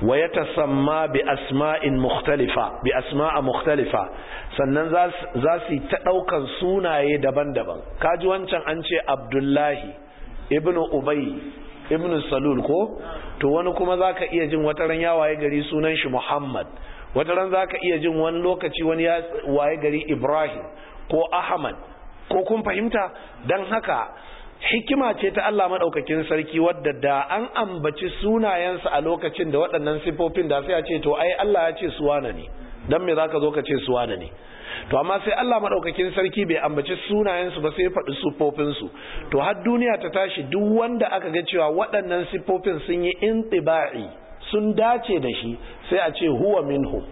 wa ya tasamma bi asma'in mukhtalifa bi asma'a mukhtalifa sannan za su ta ɗaukan sunaye daban-daban kaji wancan an ce abdullahi ibnu ubay ibnu salul ko to wani kuma zaka iya jin wata ran yawaye gari sunan shi muhammad wata ran zaka iya jin wani lokaci wani ya waye gari ibrahim ko ahmad ko kun fahimta dan haka hikima ce ta Allah maɗaukakin sarki wadda da an ambaci sunayensa a lokacin da waɗannan sifofin da sai a ce to ai Allah ya ce suwana ne dan me zaka zo ka ce suwana ne to amma sai Allah maɗaukakin sarki bai ambaci sunayensu ba sai faɗi su to har duniya ta tashi duk wanda aka ga cewa waɗannan sifofin sun yi intiba'i sun dace da shi sai a ce huwa minhu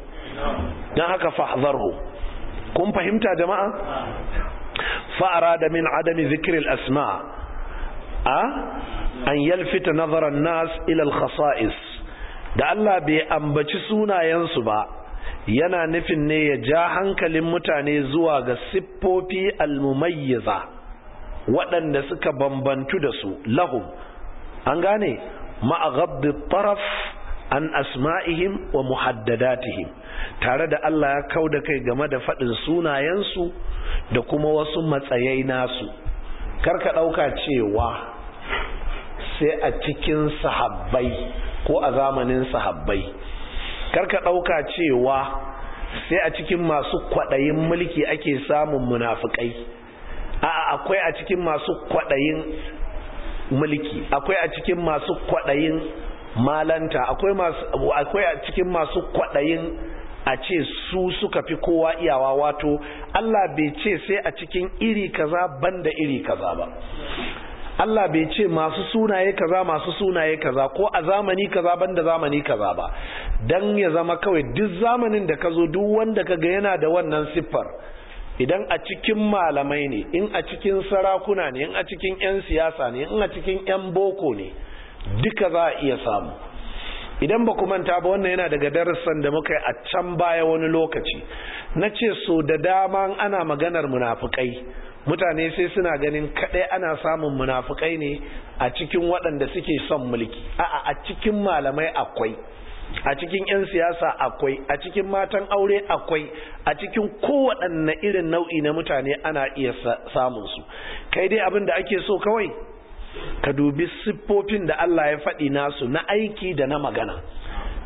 dan haka fahzarhu kun fahimta jama'a fa'ara da min adami zikirin asma a an yalfita nazaran nas ilal khasa'is da Allah bai ambaci sunayensu ba yana nufin ne ya ja hankalin mutane zuwa ga siffofi almumayyiza waɗanda suka bambantu da su lahum an gane ma'agabdi taraf an asma'ihim wa muhaddadatihim tare da Allah ya kau da kai game da faɗin sunayensu da kuma wasu matsayai nasu karka ɗauka cewa sai a cikin sahabbai ko a zamanin sahabbai karka ɗauka cewa sai a cikin masu kwaɗayin mulki ake samun munafukai a akwai a cikin masu kwaɗayin mulki akwai a cikin masu kwaɗayin malanta akwai a cikin masu kwaɗayin a ce su suka fi kowa iyawa wato Allah bai ce sai a cikin iri kaza banda iri kaza ba Allah bai ce masu sunaye kaza masu sunaye kaza ko a zamani kaza banda zamani kaza ba dan ya zama kawai duk zamanin da ka zo duk wanda kaga yana da wannan siffar idan a cikin malamai ne in a cikin sarakuna ne in a cikin 'yan siyasa ne in a cikin 'yan boko ne duka za a iya samu idan ba ku manta ba wannan yana daga darussan da muka yi a can baya wani lokaci na ce so da dama ana maganar munafukai mutane sai suna ganin kadai ana samun munafukai ne a cikin waɗanda suke son mulki a'a a cikin malamai akwai a cikin 'yan siyasa akwai a cikin matan aure akwai a cikin kowaɗanne irin nau'i na mutane ana iya samun su kai dai abin da ake so kawai ka dubi siffofin da Allah ya faɗi nasu na aiki da na magana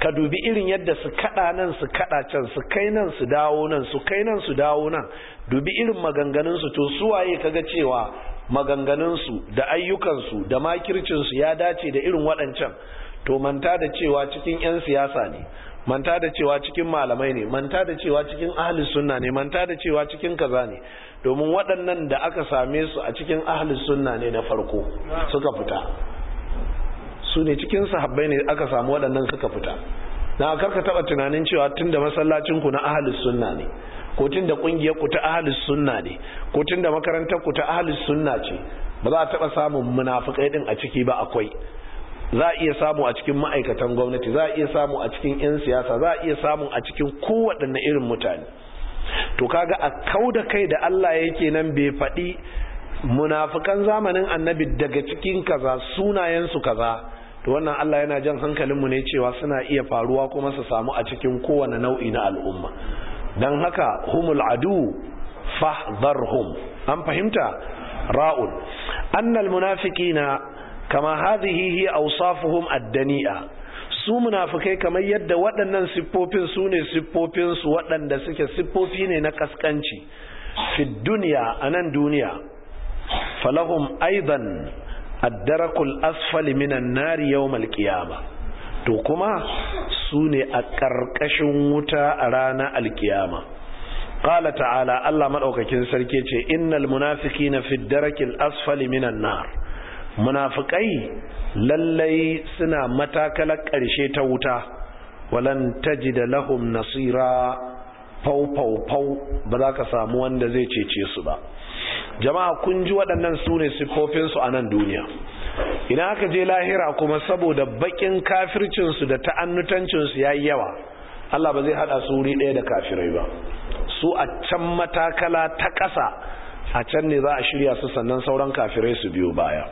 ka dubi irin yadda su kada nan su kada can su kai nan su dawo nan su kai nan su dawo nan dubi irin maganganunsu to suwaye kaga cewa maganganunsu da ayyukansu da makircinsu ya dace da irin waɗancan to manta da cewa cikin 'yan siyasa ne manta da cewa cikin malamai ne manta da cewa cikin ahli sunna ne manta da cewa cikin kaza ne domin waɗannan da aka same su a cikin ahli sunna ne na farko suka fita su ne cikin sahabbai ne aka samu waɗannan suka fita na karka taba tunanin cewa da masallacin ku na ahlus sunna ne ko da kungiyar ku ta ahlus sunna ne ko tunda makarantar ku ta ahlus sunna ce ba za a taba samun munafikai din a ciki ba akwai za a iya samu a cikin ma'aikatan gwamnati za a iya samu a cikin yan siyasa za a iya samu a cikin kowaɗanne irin mutane to kaga a da kai da Allah yake nan bai faɗi munafikan zamanin annabi daga cikin kaza sunayensu kaza to wannan Allah yana jan hankalin mu ne cewa suna iya faruwa kuma su samu a cikin kowane nau'i na al'umma don haka humul adu fahdharhum an fahimta ra'ul annal munafiqina kama hadhihi hi awsafuhum ad-dani'a su munafikai kamar yadda waɗannan siffofin su ne siffofin su waɗanda suke siffofi ne na kaskanci fi duniya anan nan duniya falahum aidan addarakul asfali minan nari yawmal qiyama to kuma su ne a ƙarƙashin wuta a rana alkiyama qala ta'ala Allah maɗaukakin sarki ce innal munafiqina fid darakil asfali minan nar munafiqai lallai suna matakalar ƙarshe ta wuta walan tajida lahum nasira fau fau fau ba za ka samu wanda zai cece su ba jama'a kun ji waɗannan su ne siffofinsu a nan duniya ina aka je lahira kuma saboda bakin kafircinsu da ta'annutancinsu ya yi yawa Allah ba zai haɗa su wuri ɗaya da kafirai ba su a can matakala ta ƙasa a can ne za a shirya su sannan sauran kafirai su biyo baya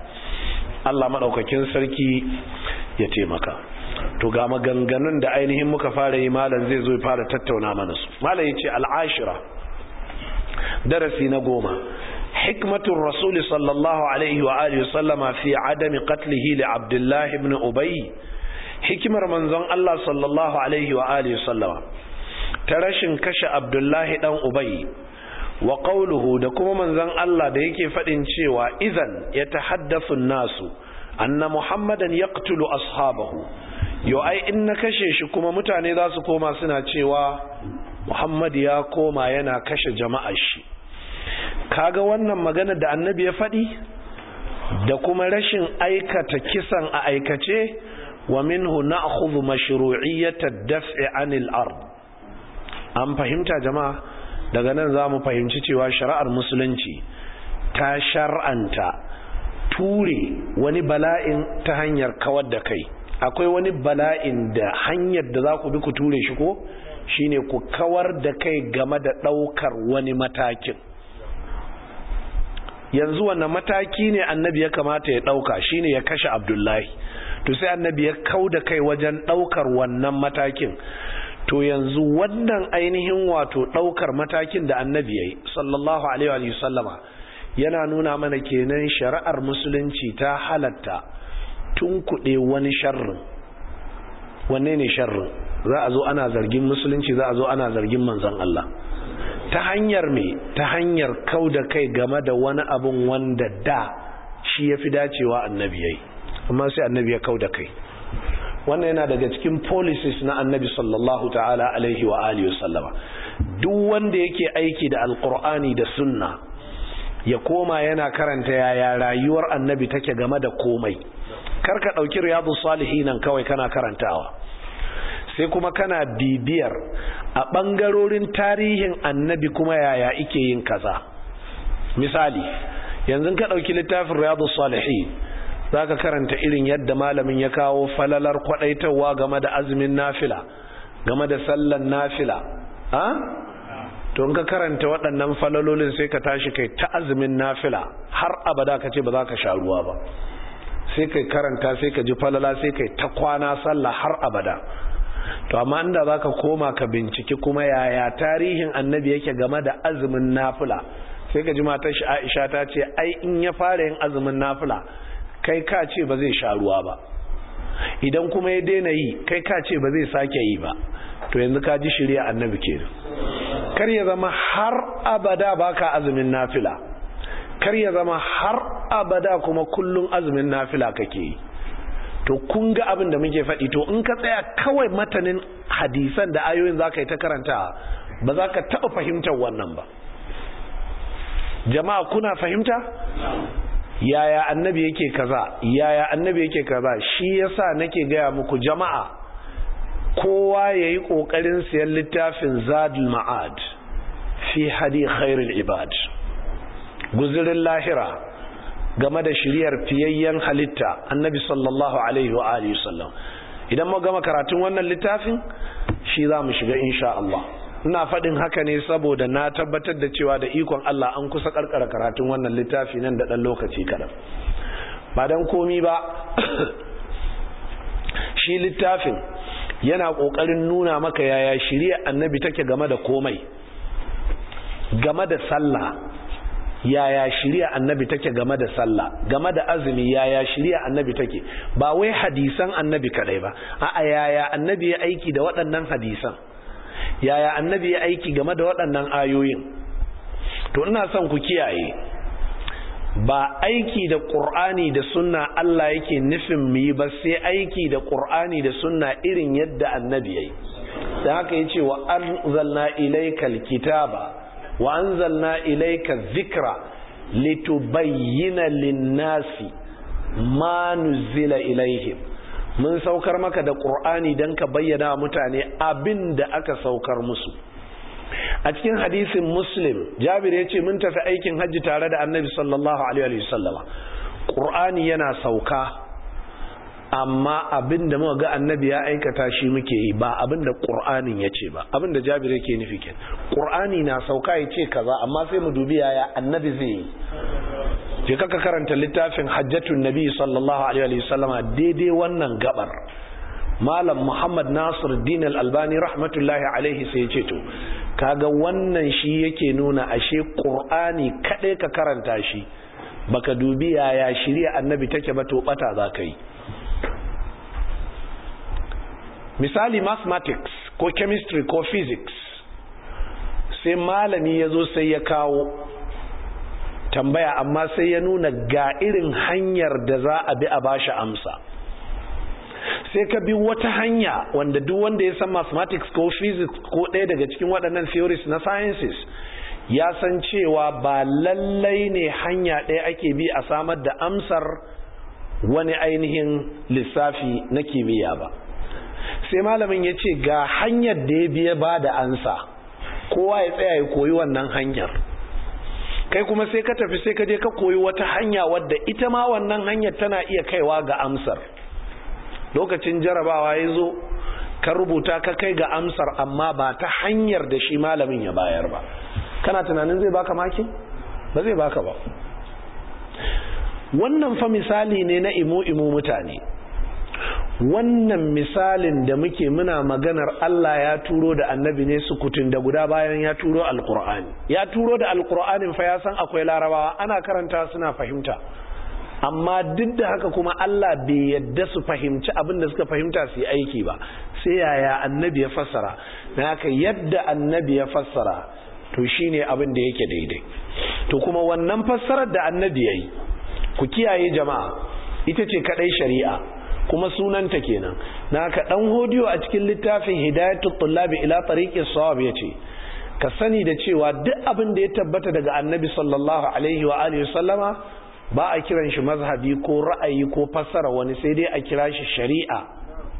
Allah maɗaukakin sarki ya taimaka to ga maganganun da ainihin muka fara yi malam zai zo fara tattauna mana su malam ya ce al'ashira darasi na goma hikmatun rasuli sallallahu alaihi wa alihi sallama fi adami qatlihi li abdullah ibn hikimar manzon Allah sallallahu alaihi wa alihi sallama ta rashin kashe Abdullahi dan Ubai wa qawluhu da kuma manzon Allah da yake fadin cewa idan yatahaddathu nasu anna muhammadan yaqtulu ashabahu yo ai in na kashe shi kuma mutane za su koma suna cewa muhammad ya koma yana kashe jama'ar shi kaga wannan magana da annabi ya faɗi da kuma rashin aikata kisan a aikace wa minhu na'khudhu mashru'iyyata daf'i 'anil ard an fahimta jama'a daga nan za mu fahimci cewa shari'ar musulunci ta shar'anta ture wani bala'in ta hanyar kawar da kai akwai wani bala'in da hanyar da za ku bi ku ture shi ko shine ku kawar da kai game da ɗaukar wani matakin yanzu wannan mataki ne annabi ya kamata ya ɗauka shine ya kashe abdullahi to sai annabi ya kau da kai wajen ɗaukar wannan matakin to yanzu wannan ainihin wato ɗaukar matakin da annabi ya yi sallallahu alaihi wa sallama yana nuna mana kenan shari'ar musulunci ta halatta tun kuɗe wani sharrin wanne ne sharrin za a zo ana zargin musulunci za a zo ana zargin manzon Allah ta hanyar me ta hanyar kau da kai game da wani abun wanda da shi ya fi dacewa annabi yayi amma sai annabi ya kau da kai wannan yana daga cikin policies na annabi sallallahu ta'ala alaihi wa alihi sallama duk wanda yake aiki da alqur'ani da sunna ya koma yana karanta yaya rayuwar annabi take game da komai kar ka dauki riyadu salihin kawai kana karantawa sai kuma kana bibiyar a ɓangarorin tarihin annabi kuma yaya ike yin kaza misali yanzu ka ɗauki littafin riyadu salihi za ka karanta irin yadda malamin ya kawo falalar kwaɗaitarwa game da azumin nafila game da sallan nafila ha? to ka karanta waɗannan falalolin sai ka tashi kai ta azumin nafila har abada ka ce ba za ka sha ruwa ba sai kai karanta sai ka ji falala sai kai ta kwana sallah har abada to amma inda zaka koma ka binciki kuma yaya tarihin annabi yake game da azumin nafila sai ka ji matar Aisha ta ce ai in ya fara yin azumin nafila kai ka ce ba zai sha ruwa ba idan kuma ya daina yi kai ka ce ba zai sake yi ba to yanzu ka ji shirya annabi kenan kar ya zama har abada baka azumin nafila kar ya zama har abada kuma kullum azumin nafila kake yi to kun ga abin da muke faɗi to in ka tsaya kawai matanin hadisan da ayoyin za ka yi ta karanta ba za ka taɓa fahimtar wannan ba jama'a kuna fahimta yaya annabi yake kaza yaya annabi yake kaza shi yasa nake gaya muku jama'a kowa ya yi ƙoƙarin siyan littafin zadul ma'ad fi hadi khairul ibad guzurin lahira game da shiriyar fiyayyen halitta annabi sallallahu alaihi wa alihi sallam idan mu gama karatun wannan littafin shi za mu shiga insha Allah ina faɗin haka ne saboda na tabbatar da cewa da ikon Allah an kusa karkara karatun wannan littafi nan da ɗan lokaci kaɗan ba dan komi ba shi littafin yana ƙoƙarin nuna maka yaya shiriyar annabi take game da komai game da sallah yaya shirya annabi take game da sallah game da azumi yaya shirya annabi take ba wai hadisan annabi kadai ba a'a yaya annabi ya aiki da waɗannan hadisan yaya annabi ya aiki game da waɗannan ayoyin to ina son ku kiyaye ba aiki da ƙur'ani da sunna Allah yake nufin mu yi ba sai aiki da ƙur'ani da sunna irin yadda annabi yayi da haka ya ce wa anzalna ilaykal kitaba wa anzalna ilayka dhikra litubayyana lin-nasi ma nuzila ilayhim mun saukar maka da qur'ani dan ka bayyana mutane abin da aka saukar musu a cikin hadisin muslim jabir ya ce mun tafi aikin hajji tare da annabi sallallahu alaihi wasallama qur'ani yana sauka amma abin da muka ga annabi ya aikata shi muke yi ba abin da qur'anin ya ce ba abin da jabir yake nufi ke qur'ani na sauka ya ce kaza amma sai mu dubi yaya annabi zai yi je kaka karanta littafin hajjatun nabi sallallahu alaihi wasallam daidai wannan gabar malam muhammad nasir din albani rahmatullahi alaihi sai ya ce to kaga wannan shi yake nuna ashe qur'ani kadai ka karanta shi baka dubi yaya shari'a annabi take ba to bata za ka yi misali mathematics ko chemistry ko physics sai malami ya zo sai ya kawo tambaya amma sai ya nuna ga irin hanyar da za a bi a bashi amsa sai ka bi wata hanya wanda duk wanda ya san mathematics ko physics ko ɗaya daga cikin waɗannan theories na sciences ya san cewa ba lallai ne hanya ɗaya ake bi a samar da amsar wani ainihin lissafi na kimiyya ba sai malamin ya ce ga hanyar da ya biya ba da ansa kowa ya tsaya ya koyi wannan hanyar kai kuma sai ka tafi sai ka je ka koyi wata hanya wadda ita ma wannan hanyar tana iya kaiwa ga amsar lokacin jarabawa ya zo ka rubuta ka kai ga amsar amma ba ta hanyar da shi malamin ya bayar ba kana tunanin zai baka maki ba zai baka ba wannan fa misali ne na imo-imo mutane wannan misalin da muke muna maganar Allah ya turo da annabi ne su kutun da guda bayan ya turo alkur'ani ya turo da alkur'anin fa ya san akwai larabawa ana karanta suna fahimta amma duk da haka kuma Allah bai yadda su fahimci abin da suka fahimta su yi aiki ba sai yaya annabi ya fassara na haka yadda annabi ya fassara to shine abin da yake daidai to kuma wannan fassarar da annabi ya yi ku kiyaye jama'a ita ce kadai shari'a kuma sunanta kenan na ka dan hodiyo a cikin littafin hidayatul tullabi ila tariqi sawab yace ka sani da cewa duk abin da ya tabbata daga annabi sallallahu alaihi wa alihi sallama ba a kiran shi mazhabi ko ra'ayi ko fassara wani sai dai a kira shi shari'a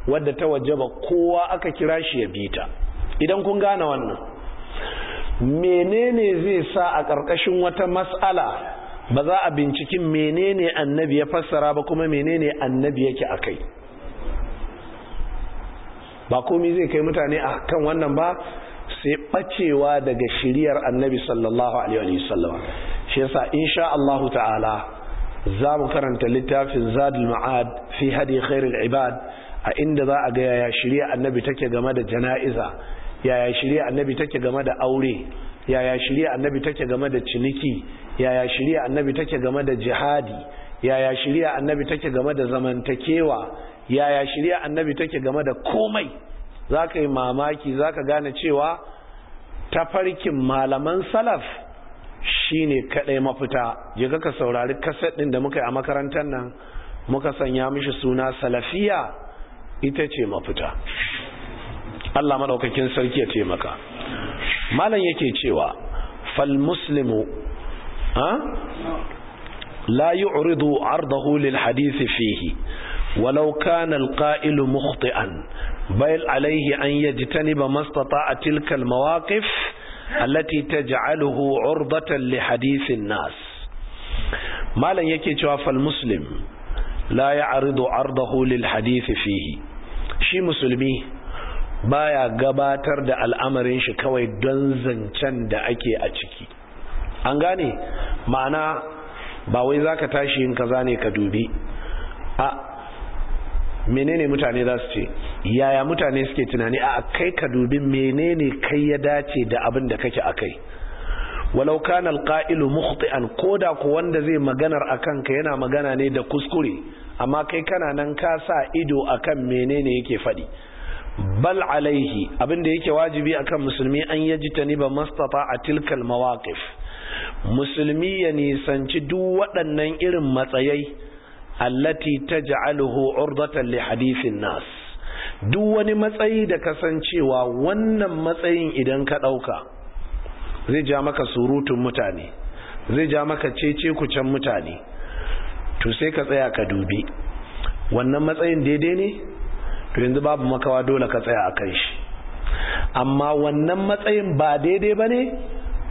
wadda ta wajaba kowa aka kira shi ya bita idan kun gane wannan menene zai sa a ƙarƙashin wata mas'ala ba za a bincikin menene annabi ya fassara ba kuma menene annabi yake a kai ba komi zai kai mutane a kan wannan ba sai bacewa daga shiriyar annabi sallallahu alaihi wasallam shi yasa insha Allah ta'ala za mu karanta littafin zadul ma'ad fi hadi khairul ibad a inda za a ga yaya shiriya annabi take game da jana'iza yaya shiriya annabi take game da aure yaya shirya annabi take game da ciniki yaya shirya annabi take game da jihadi yaya shirya annabi take game da zamantakewa yaya shirya annabi take game da komai za ka yi mamaki za ka gane cewa tafarkin malaman salaf shi ne kaɗai mafita je ka saurari kaset ɗin da muka yi a makarantar nan muka sanya mishi suna salafiya ita ce mafita Allah maɗaukakin sarki ya taimaka malam yake cewa fal muslimu لا يعرض عرضه للحديث فيه ولو كان القائل مخطئا بل عليه أن يجتنب ما استطاع تلك المواقف التي تجعله عرضة لحديث الناس ما لن يكي فالمسلم لا يعرض عرضه للحديث فيه شي مسلمي baya gabatar da al'amarin shi kawai don zancen da ake a ciki an gane ma'ana ba wai za ka tashi yin kaza ne ka dubi a menene mutane za su ce yaya mutane suke tunani a kai ka dubi menene kai ya dace da abin da kake a kai walau kana alqa'ilu mukhti'an koda ko wanda zai maganar akan ka yana magana ne da kuskure amma kai kana nan ka sa ido akan menene yake faɗi bal alaihi abin abinda yake wajibi akan musulmi an yaji taniba mastata a tilkal mawaƙif. musulmi ya nisanci duk waɗannan irin matsayai allati taj'aluhu urdatan li hadithin nas duk wani matsayi da kasancewa wannan matsayin idan ka ɗauka zai ja maka surutun mutane zai ja maka cece kucen mutane to sai ka tsaya ka dubi wannan matsayin daidai ne to yanzu babu makawa dole ka tsaya a kan shi amma wannan matsayin ba daidai ba ne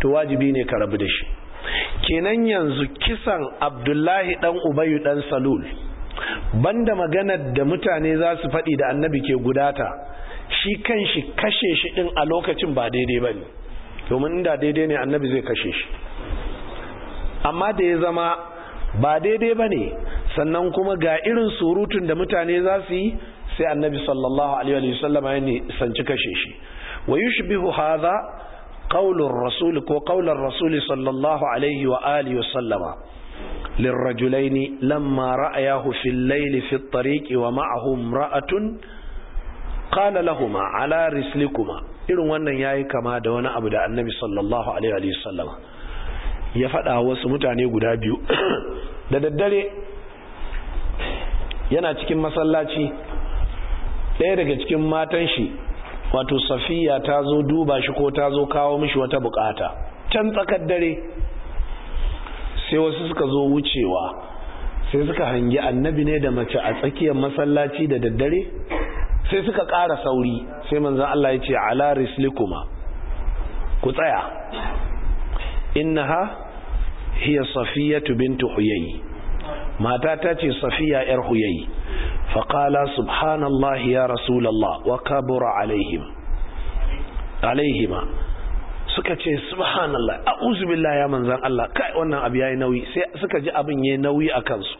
to wajibi ne ka rabu da shi kenan yanzu kisan abdullahi dan ubayu dan salul banda maganar da mutane za su faɗi da annabi ke gudata shi kan shi kashe shi ɗin a lokacin ba daidai ba ne domin inda daidai ne annabi zai kashe shi amma da ya zama ba daidai ba ne sannan kuma ga irin surutun da mutane za su yi sai annabi sallallahu alaihi wa sallama ya nisanci kashe shi wa yushbihu hadha ƙaunar rasuli ko ƙaunar rasuli sallallahu alaihi wa alihi wa sallama للرجلين لما رأياه في الليل في الطريق ومعه امرأة قال لهما على رسلكما irin wannan yayi kama da wani abu da annabi sallallahu alaihi wa sallama. ya faɗa wasu mutane guda biyu da daddare yana cikin masallaci ɗaya daga cikin matan shi wato safiya ta zo duba shi ko ta zo kawo mishi wata bukata can tsakar dare sai wasu suka zo wucewa sai suka hangi annabi ne da mace a tsakiyar masallaci da daddare sai suka ƙara sauri sai manzan Allah ya ce ala rislikuma ku tsaya Inna ha, hiya safiyatu bintu huyayi mata ta ce safiya yar huyayi فقال سبحان الله يا رسول الله وكبر عليهم عليهما suka ce subhanallah a'udhu billahi ya manzan Allah kai wannan abu yayi nauyi sai suka ji abin yayi nauyi a kansu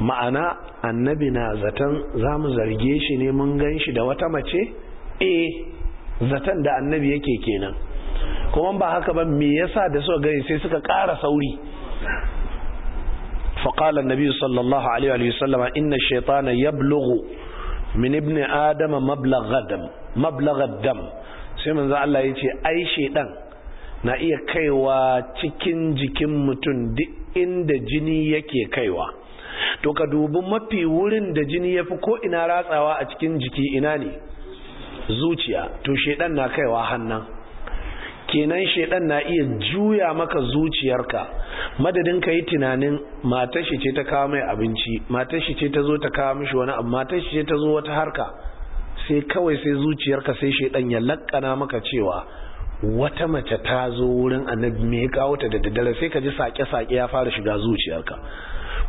ma'ana annabi na zaton zamu zarge shi ne mun gan shi da wata mace eh zaton da annabi yake kenan kuma ba haka ba me yasa da suka gani sai suka ƙara sauri فقال النبي صلى الله عليه وسلم إن الشيطان يبلغ من ابن آدم مبلغ دم مبلغ الدم سيما ذا الله يتي أي شيطان na iya kaiwa cikin jikin mutum duk inda jini yake kaiwa to ka dubi mafi wurin da jini ya fi ko ina ratsawa a cikin jiki ina ne zuciya to shedan na kaiwa hannan kenan shedan na iya juya maka zuciyarka madadin ka yi tunanin matar shi ce ta kawo mai abinci matar ce ta zo ta kawo mishi wani abu matar ce ta zo wata harka sai kawai sai zuciyarka sai shaidan ya lakkana maka cewa wata mace ta zo wurin annabi me ya kawo ta da daddare sai ka ji sake-sake ya fara shiga zuciyarka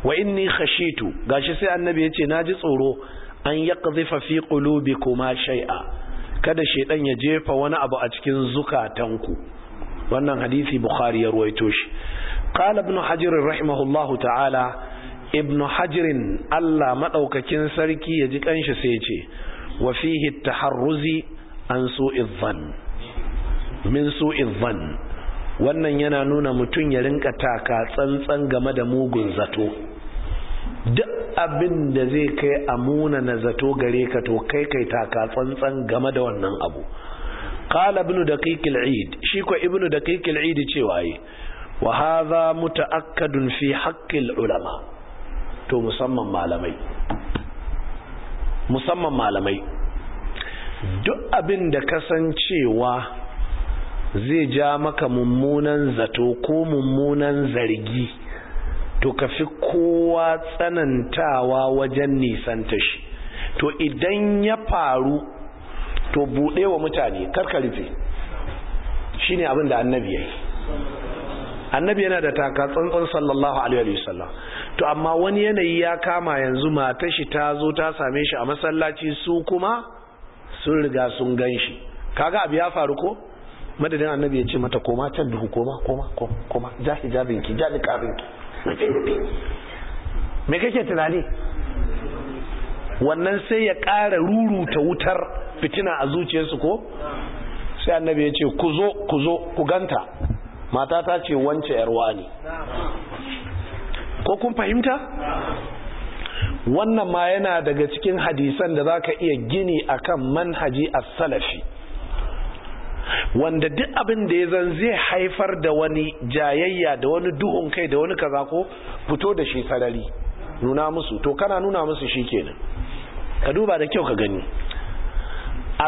wa inni khashitu gashi sai annabi ya ce naji tsoro an yaqdhifa kulubi qulubikuma shay'a kada shaidan ya jefa wani abu a cikin zukatanku wannan hadisi bukhari ya ruwaito shi قال ابن حجر رحمه ta'ala تعالى ابن Allah madaukakin sarki ya ji kanshi sai ya ce wa fihi taharruzi an su'iz dhann min wannan yana nuna mutum ya rinka taka tsantsan game da mugun zato duk abin da zai kai amuna na zato gare ka to kai kai taka tsantsan game da wannan abu qala ibnu daqiq al-eid shi ko Ibnu daqiq al-eid cewa yi wa hadha muta'akkadun fi haqqil ulama to musamman malamai musamman malamai duk abin da kasancewa zai ja maka mummunan zato ko mummunan zargi to ka fi kowa tsanantawa wajen nisanta shi to idan ya faru to buɗe wa mutane karka rufe shine abin da annabi ya yi annabi yana da taka tsantsan sallallahu alaihi wasallam to amma wani yanayi ya kama yanzu matar shi ta zo ta same shi a masallaci su kuma sun riga sun gan shi kaga abu ya faru ko madadin annabi ya ce mata koma can duhu koma koma koma ja hijabin ki ja karin ki me kake tunani wannan sai ya ƙara ruruta wutar fitina a zuciyarsu ko sai annabi ya ce ku zo ku zo ku ganta mata ta ce wance yarwa ne ko kun fahimta wannan ma yana daga cikin hadisan da za ka iya gini akan manhaji a salafi wanda duk abin da ya zan zai haifar da wani jayayya da wani duhun kai da wani kaza ko fito da shi sarari nuna musu to kana nuna musu shi kenan ka duba da kyau ka gani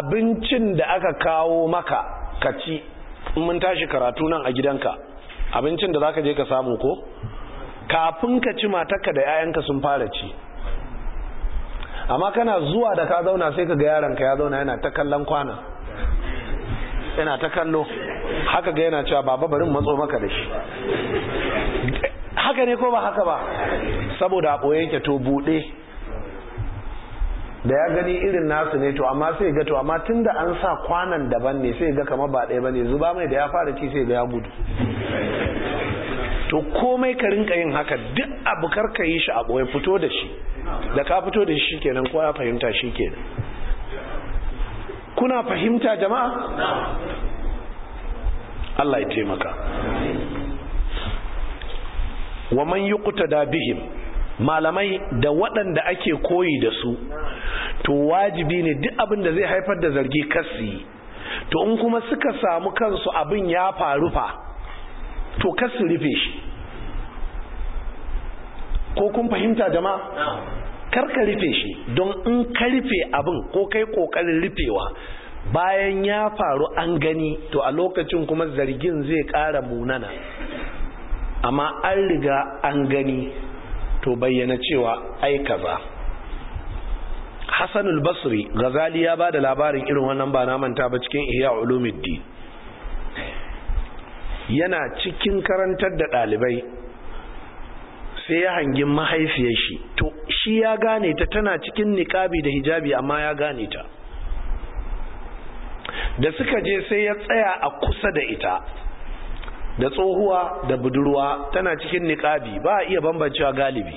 abincin da aka kawo maka ka ci in mun tashi karatu nan a gidanka abincin da zaka je ka samu ko kafin ka ci matarka da 'ya'yanka sun fara ci amma kana zuwa da ka zauna sai ka ga yaranka ya zauna yana ta kallon kwana yana ta kallo haka ga yana cewa baba barin matso maka da shi haka ne ko ba haka ba saboda a ɓoye yake to buɗe da ya gani irin nasu ne to amma sai ga to amma tunda an sa kwanan daban ne sai ga kamar ba ɗaya bane zuba mai da ya fara ci sai ga ya gudu to komai ka rinka yin haka duk abu kar ka yi shi a ya fito da shi da ka fito da shi kenan ko ya fahimta shi kuna fahimta jama'a Allah ya taimaka wa man yuqtada bihim malamai da waɗanda ake koyi da su to wajibi ne duk abin da zai haifar da zargi kasi to in kuma suka samu kansu abin ya faru fa to kasu rufe shi ko kun fahimta jama'a karka rufe shi don in ka rufe abin ko kai kokarin rufewa bayan ya faru an gani to a lokacin kuma zargin zai ƙara munana amma an riga an gani to bayyana cewa ai kaza Hassan al-Basri Ghazali ya bada labarin irin wannan ba na manta ba cikin Ihya Ulumuddin yana cikin karantar da dalibai sai ya hangi mahaifiyar shi to shi ya gane ta tana cikin niqabi da hijabi amma ya gane ta da suka je sai ya tsaya a kusa da ita da tsohuwa da budurwa tana cikin niƙabi ba a iya bambancewa galibi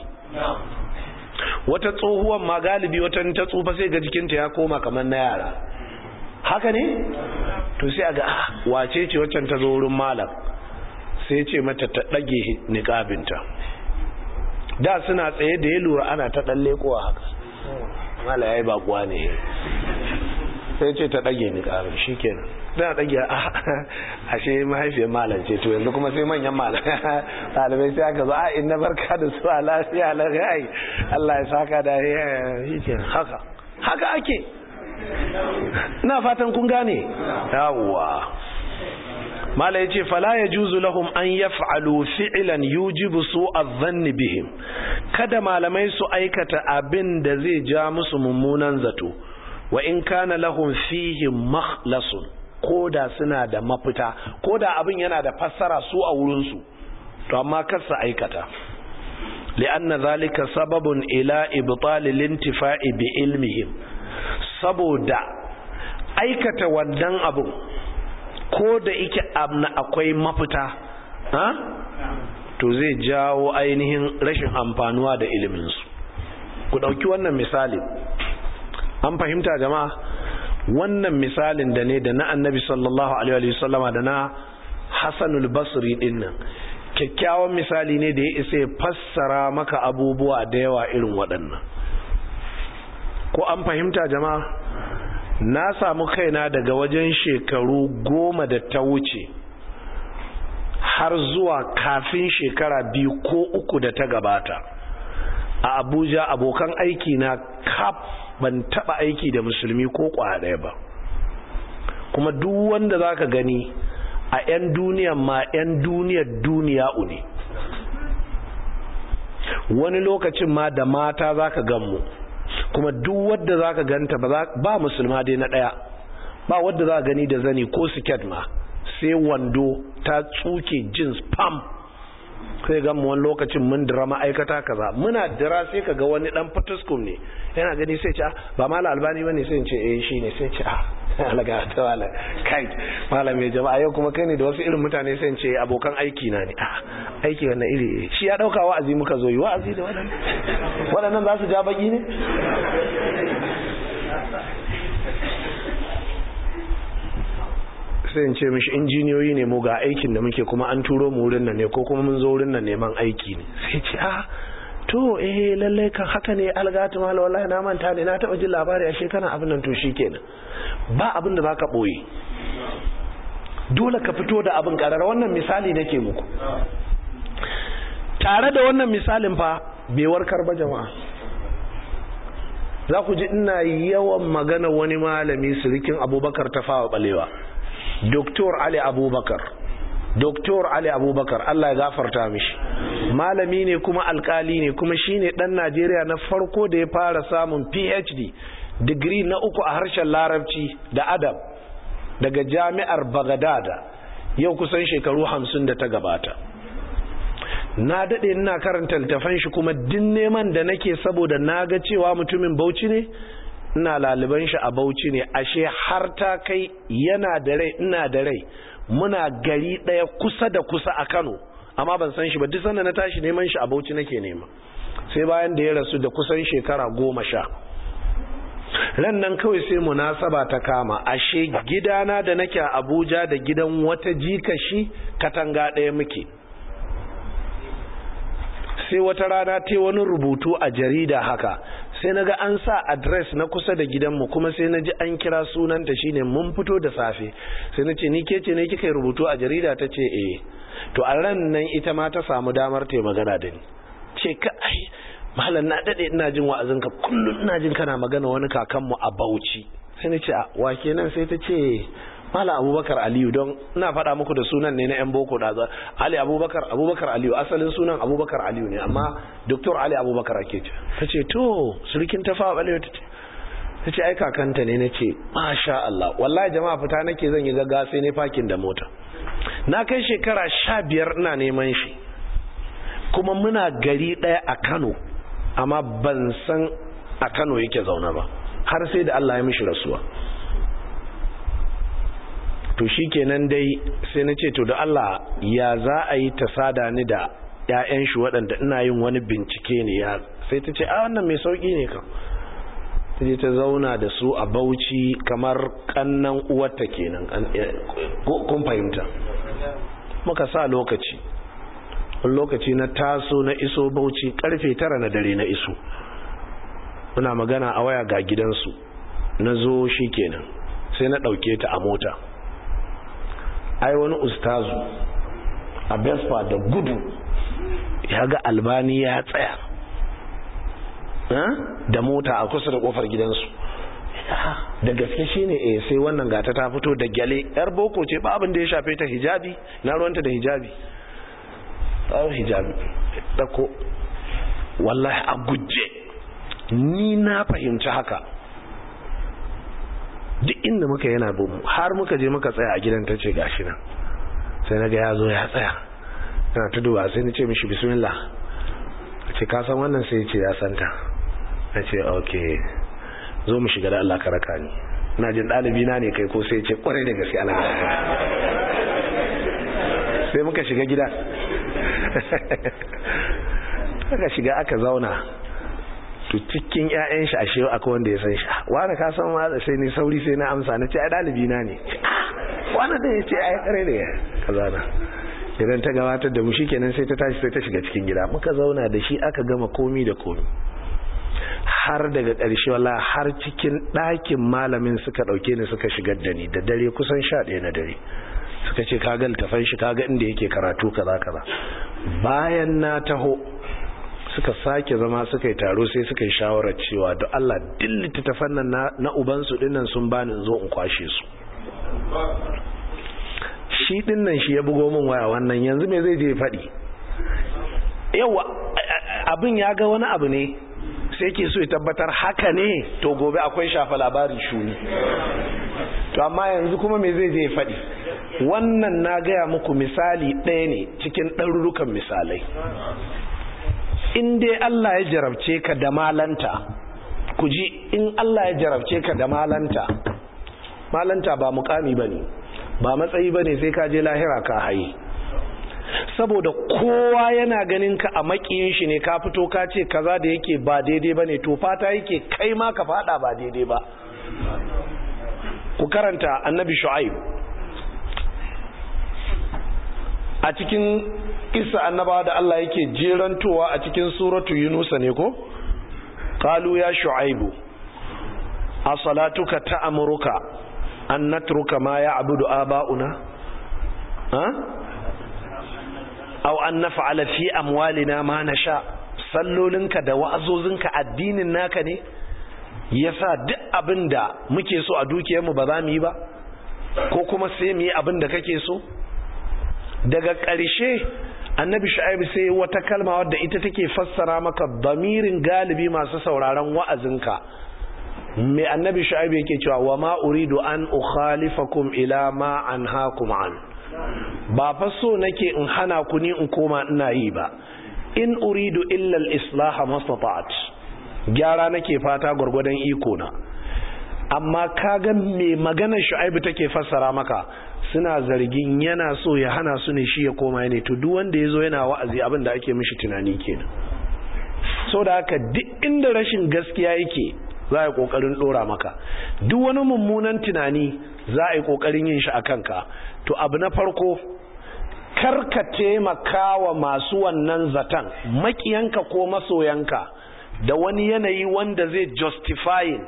wata tsohuwan ma galibi wata ta tsufa sai ga jikinta ya koma kamar na yara haka ne to sai a ga ah, wace ce waccan ta zo wurin malam sai ce mata ta ɗage niƙabinta da suna tsaye da ya lura ana ta ɗan leƙowa haka mala ya yi baƙuwa ne sai ce ta ɗage niƙabin shi kenan tana dan gida ashe mahaifiyar malam ce to yanzu kuma sai manyan malam ɗalibai sai aka zo a ah, inna barka da su a lafiya lafiya Allah ya saka da yake haka haka ake na fatan kun gane yawwa mala yace fala yajuzu lahum an yaf'alu fi'lan yujibu suadh zanni bihim kada malamai su aikata abin da zai ja musu mummunan zato wa in kana lahum fihi makhlasun ko da suna da mafita ko da abin yana da fassara su a wurinsu to amma kar su aikata li'anna zalika sababun ila ibtali lintifa'i bi ilmihim saboda aikata wannan abu ko da yake amna akwai mafita ha to zai jawo ainihin rashin amfanuwa da iliminsu ku ɗauki wannan misali an fahimta jama'a wannan misalin da ne da na annabi sallallahu alaihi wasallama da na hasanul basri din nan kyakkyawan misali ne da ya isa ya fassara maka abubuwa da yawa irin waɗannan ko an fahimta jama'a na samu kaina daga wajen shekaru goma da ta wuce har zuwa kafin shekara biyu ko uku da ta gabata a abuja abokan aiki na kaf ban taba aiki da musulmi ko ɗaya ba kuma duk wanda zaka gani a 'yan duniya ma 'yan duniyar duniya ne wani lokacin ma da mata zaka ganmu kuma duk wadda zaka ganta ba musulma dai na ɗaya ba wadda za gani da zani ko siket ma sai wando ta tsuke jins pam sai ga wani lokacin mun dira ma'aikata kaza muna dira sai ka ga wani dan fatuskum ne yana gani sai ce ah, ba ma albani bane sai ce eh shine sai ce ah alaga ta wala kai malame jama'a yau kuma kai ne da wasu irin mutane sai ce abokan aiki na ne ah, aiki wannan iri eh. shi ya dauka wa'azi muka zo yi wa'azi da wadannan wadannan za su ja baki ne sai in ce mishi injiniyoyi ne mu ga aikin da muke kuma an turo mu wurin nan ne ko kuma mun zo wurin nan neman aiki ne sai ce a ah, to eh lalle kan haka ne algatu mal wallahi na manta ne na taba jin labari a shekara abin nan to shikenan ba abin da baka boye dole ka fito da abin karara wannan misali nake muku tare da wannan misalin fa bai warkar ba jama'a za ku ji ina yawan magana wani malami sirikin abubakar ta fawa balewa doktor ali abubakar doktor ali abubakar allah ya gafarta mishi malami ne kuma alkali ne kuma shine dan najeriya na farko da ya fara samun phd digiri na uku a harshen larabci da adab daga jami'ar bagadada yau kusan shekaru hamsin da ta gabata na daɗe ina karanta littafan shi kuma din neman da nake saboda na ga cewa mutumin bauchi ne ina laliban shi a bauchi ne ashe har ta kai yana da rai ina da rai muna gari ɗaya kusa da kusa a kano amma ban san shi ba duk sanda na tashi neman shi a bauchi nake nema sai bayan da ya rasu da kusan shekara goma sha ran nan kawai sai munasaba ta kama ashe gidana da nake a abuja da gidan wata jika shi katanga daya muke sai wata rana ta wani rubutu a jarida haka sai na ga an sa adres na kusa da gidanmu kuma sai na ji an kira sunanta shine mun fito da safe sai na ce ni ke ce ne kika yi rubutu a jarida ta ce eh to a ran nan ita ma ta samu damar ta magana da ni ce ka ai malam na dade ina jin wa'azinka kullum ina jin kana magana wani kakanmu a Bauchi sai na ce a wa kenan sai ta ce mala abubakar aliyu don ina faɗa muku da sunan ne na yan boko da za ali abubakar abubakar aliyu asalin sunan abubakar aliyu ne amma doktor ali abubakar ake ce ta ce to surikin ta fawa ɓalewa ta ta ce ai kakanta ne na ce masha Allah wallahi jama'a fita nake zan yi gaggawa sai ne fakin da mota na kai shekara sha biyar ina neman shi kuma muna gari ɗaya a kano amma ban san a kano yake zaune ba har sai da Allah ya mishi rasuwa to shi kenan dai sai na ce to da Allah ya za a yi ta sada ni da ‘ya’yan shi waɗanda ina yin wani bincike ne ya sai ta ce a ah, wannan mai sauƙi ne kan ta je ta zauna da su a Bauchi kamar kannan uwarta kenan eh, kun fahimta muka sa lokaci lokaci na taso na iso Bauchi karfe tara na dare na iso muna magana a waya ga gidansu na zo shi kenan sai na ɗauke ta a mota ai wani ustazu a bespa da gudu ya ga albani ya tsaya da mota a kusa da kofar gidansu ah, da gaske shi ne eh sai wannan gata ta fito da gyale yar boko ce ba abin da ya shafe ta hijabi na ruwanta da hijabi tsawon hijabi dako wallahi a guje ni na fahimci haka duk inda muka yana bin har muka je muka tsaya a gidan ta ce gashi nan sai na ga ya zo ya tsaya tana ta duba sai na ce mishi bismillah ce ka san wannan sai ce ya santa na ce ok zo mu shiga da Allah ka raka ni na jin ɗalibi na ne kai ko sai ce kwarai da gaske ana sai muka shiga gida aka shiga aka zauna to cikin ƴaƴan shi ashe akwai wanda ya san shi wani ka san ma sai ni sauri sai na amsa na ce ai dalibi na ne wani da ya ce ai kare ne kaza na idan ta gabatar da mu shikenan sai ta tashi sai ta shiga cikin gida muka zauna da shi aka gama komi da komi har daga ƙarshe wala har cikin ɗakin malamin suka ɗauke ni suka shigar da ni da dare kusan sha ɗaya na dare suka ce kaga littafan shi kaga inda yake karatu kaza kaza bayan na taho suka sake zama suka yi taro sai suka yi shawarar cewa da Allah dillita ta fannin na ubansu dinnan sun bani zo in kwashe su shi dinnan shi ya bugo min waya wannan yanzu me zai je faɗi yawa abin ya ga wani abu ne sai ke so ya tabbatar haka ne to gobe akwai shafa labari shuni to amma yanzu kuma me zai je ya faɗi wannan na gaya muku misali ɗaya ne cikin ɗarurrukan misalai in dai Allah ya jarabce ka da malanta ku ji in Allah ya jarabce ka da malanta malanta ba mukami bane ba matsayi bane sai ka je lahira ka haye saboda kowa yana ganin ka a makiyin shi ne ka fito ka ce kaza da yake ba daidai bane to fata yake kai ma ka fada ba daidai ba ku karanta annabi shu'aib a cikin isa annaba da Allah yake jerantowa a cikin suratu yunusa ne ko kalu ya shu'aibu a salatuka Amurka an natruka ma ya da aba'una ha au an naf'ala fi amwalina ma na sha? sallolinka da wa'azozinka addinin naka ne Ya sa duk abin da muke so a dukiyarmu ba za mu yi ba ko kuma sai mu yi abin da kake so daga ƙarshe annabi sha'ib sai wata kalma wadda ita take fassara maka damirin galibi masu sauraron wa'azinka mai annabi sha'ib yake cewa wa ma uridu an ukhalifakum ila ma anhaakum an ba fa so nake in hana ku ni in koma ina yi ba in uridu illa al-islah mastata'at gyara nake fata gurgurdan iko na amma kaga me magana shu'aibu take fassara maka suna zargin yana so ya hana su ne shi ya koma ne to duk wanda ya zo yana wa'azi abin da ake mishi tunani kenan so da haka duk inda rashin gaskiya yake za a yi kokarin dora maka duk wani mummunan tunani za a yi kokarin yin shi a kanka to abu na farko karka taimaka wa masu wannan zaton makiyanka ko masoyanka da wani yanayi wanda zai justifying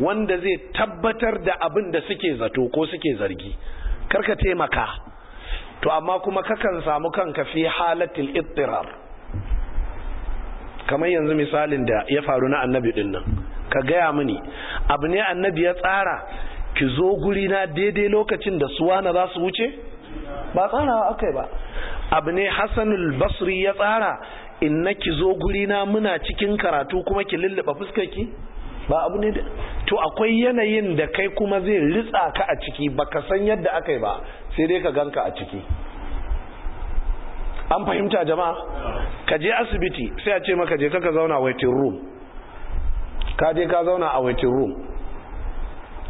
wanda zai tabbatar da abin da suke zato ko suke zargi karka taimaka to amma kuma kakan samu kanka fi halatul ittirar kamar yanzu misalin da ya faru na annabi din nan ka gaya mini abu ne annabi ya tsara ki zo guri na daidai lokacin da suwana za su wuce ba tsarawa akai ba abu ne hassanul basri ya tsara in na ki zo guri na muna cikin karatu kuma ki lullaba fuskarki ki ba abu ne to akwai yanayin da kai kuma zai ritsa ka a ciki baka san yadda aka yi ba sai dai ka ganka a ciki an fahimta jama'a ka je asibiti sai a ce maka je ka zauna a waiting room ka je ka zauna a waiting room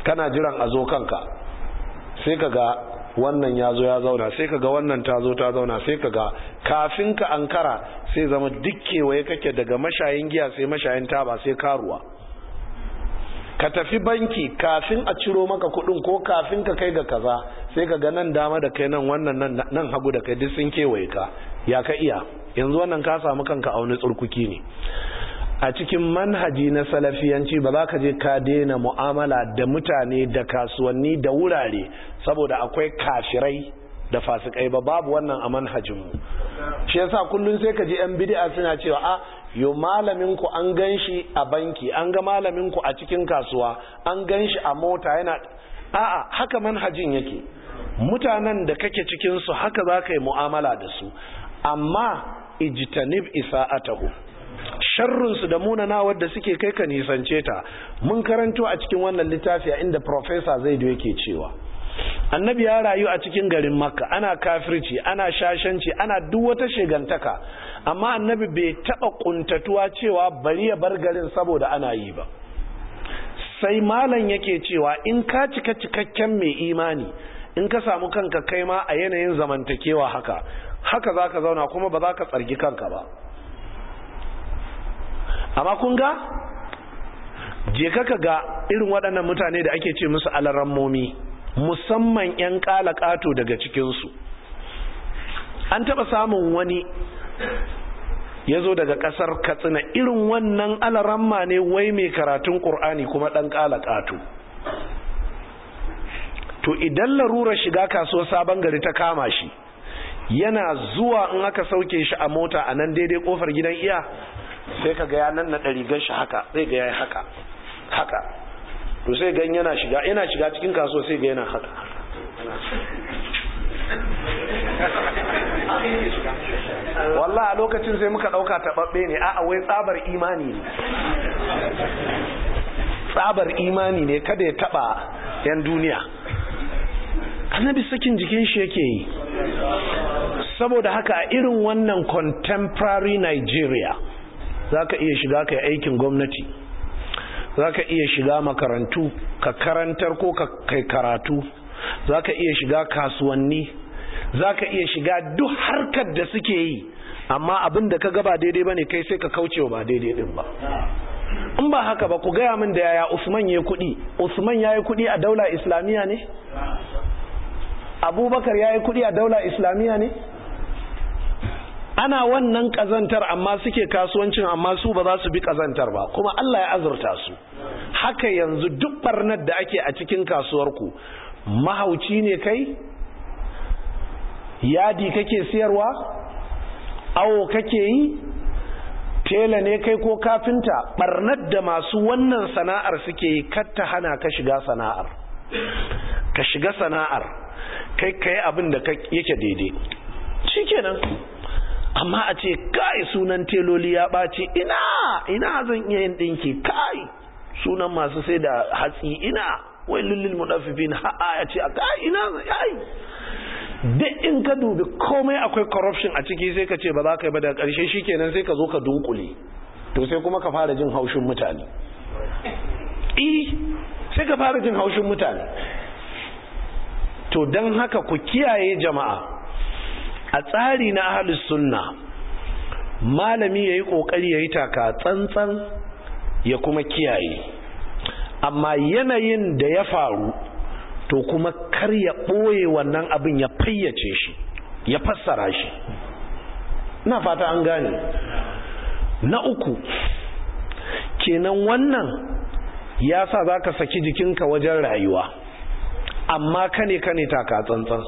kana jiran a zo kanka sai ka ga wannan ya zo ya zauna sai ka ga wannan ta zo ta zauna sai ka ga kafin ka ankara sai zama dukkewa ya kake daga mashayin giya sai mashayin taba sai karuwa ka tafi banki kafin a ciro maka kudin ko kafin ka kai ga kaza sai ka ga nan dama da kai nan wannan nan hagu da kai duk sun kewaye ka ya ka iya yanzu wannan ka samu kanka a wani tsurkuki ne a cikin manhaji na salafiyanci ba za ka je ka daina mu'amala da mutane da kasuwanni da wurare saboda akwai kafirai da fasikai ba babu wannan a manhajinmu shi yasa kullum sai ka ji yan bidi'a suna cewa a ah, yo malamin ku an ganshi a banki an ga malamin ku a cikin kasuwa an ganshi a mota yana a'a haka manhajin yake mutanen da kake cikin su haka za ka yi mu'amala da su amma ijtanib isa'atahu sharrunsu da na wadda suke kai ka nisance ta mun karanto a cikin wannan littafi inda professor zaidu yake cewa annabi ya rayu a cikin garin makka ana kafirci ana shashanci ana duk wata shegantaka amma annabi bai taɓa ƙuntatuwa cewa bari ya bar garin saboda ana yi ba sai malam yake cewa in ka cika cikakken mai imani in ka samu kanka kai ma a yanayin zamantakewa haka haka za ka zauna kuma ba za ka tsargi kanka ba amma kun ga je ka ga irin waɗannan mutane da ake ce musu alarammomi musamman 'yan ƙato daga cikinsu an taɓa samun wani ya zo daga ƙasar katsina irin wannan alaramma ne wai mai karatun ƙur'ani kuma ɗan ƙato. to idan larurar shiga kasuwar sabon gari ta kama shi yana zuwa in aka sauke shi a mota a nan daidai kofar gidan iya sai ka ga ya nan na ɗari gan haka sai ga ya haka haka to sai gan yana shiga yana shiga cikin kasuwa sai ga yana haka walla a lokacin sai muka ɗauka tababbe ne a wai tsabar imani ne tsabar imani ne kada ya taba 'yan duniya annabi sakin jikin shi yake yi saboda haka a irin wannan contemporary nigeria za ka iya shiga ka yi aikin gwamnati za ka iya shiga makarantu ka karantar ko ka kai karatu zaka iya shiga kasuwanni zaka iya shiga duk harkar da suke yi amma abin da ka gaba daidai ba ne kai sai ka kauce ba daidai din ba in ba haka ba ku gaya min da yaya usman ya kuɗi usman ya yi kuɗi a daula islamiyya ne abubakar ya yi kuɗi a daula islamiyya ne ana wannan kazantar amma suke kasuwancin amma su ba za su bi kazantar ba kuma Allah ya azurta su haka yanzu duk barnar da ake a cikin kasuwar ku mahauci ne kai yadi kake siyarwa awo kake yi tela ne kai ko kafinta barnar da masu wannan sana'ar suke yi kar ta hana ka shiga sana'ar ka shiga sana'ar kai kai abin da yake daidai shikenan amma a ce kai sunan teloli ya ɓaci ina ina zan iya yin ɗinki kai sunan masu sai da hatsi ina wai lullul mudaffifin ha'a ya ce kai ina yi duk in ka dubi komai akwai corruption a ciki sai ka ce ba za ka yi ba da ƙarshe shikenan sai ka zo ka dunkule to sai kuma ka fara jin haushin mutane eh sai ka fara jin haushin mutane to don haka ku kiyaye jama'a a tsari na ahalus sunna malami ya yayi kokari yi taka tsantsan ya kuma kiyaye amma yanayin da ya faru to kuma kar ya ɓoye wannan abin ya fayyace shi ya fassara shi na fata an gane na uku kenan wannan ya sa za ka saki jikinka wajen rayuwa amma kane kane taka tsantsan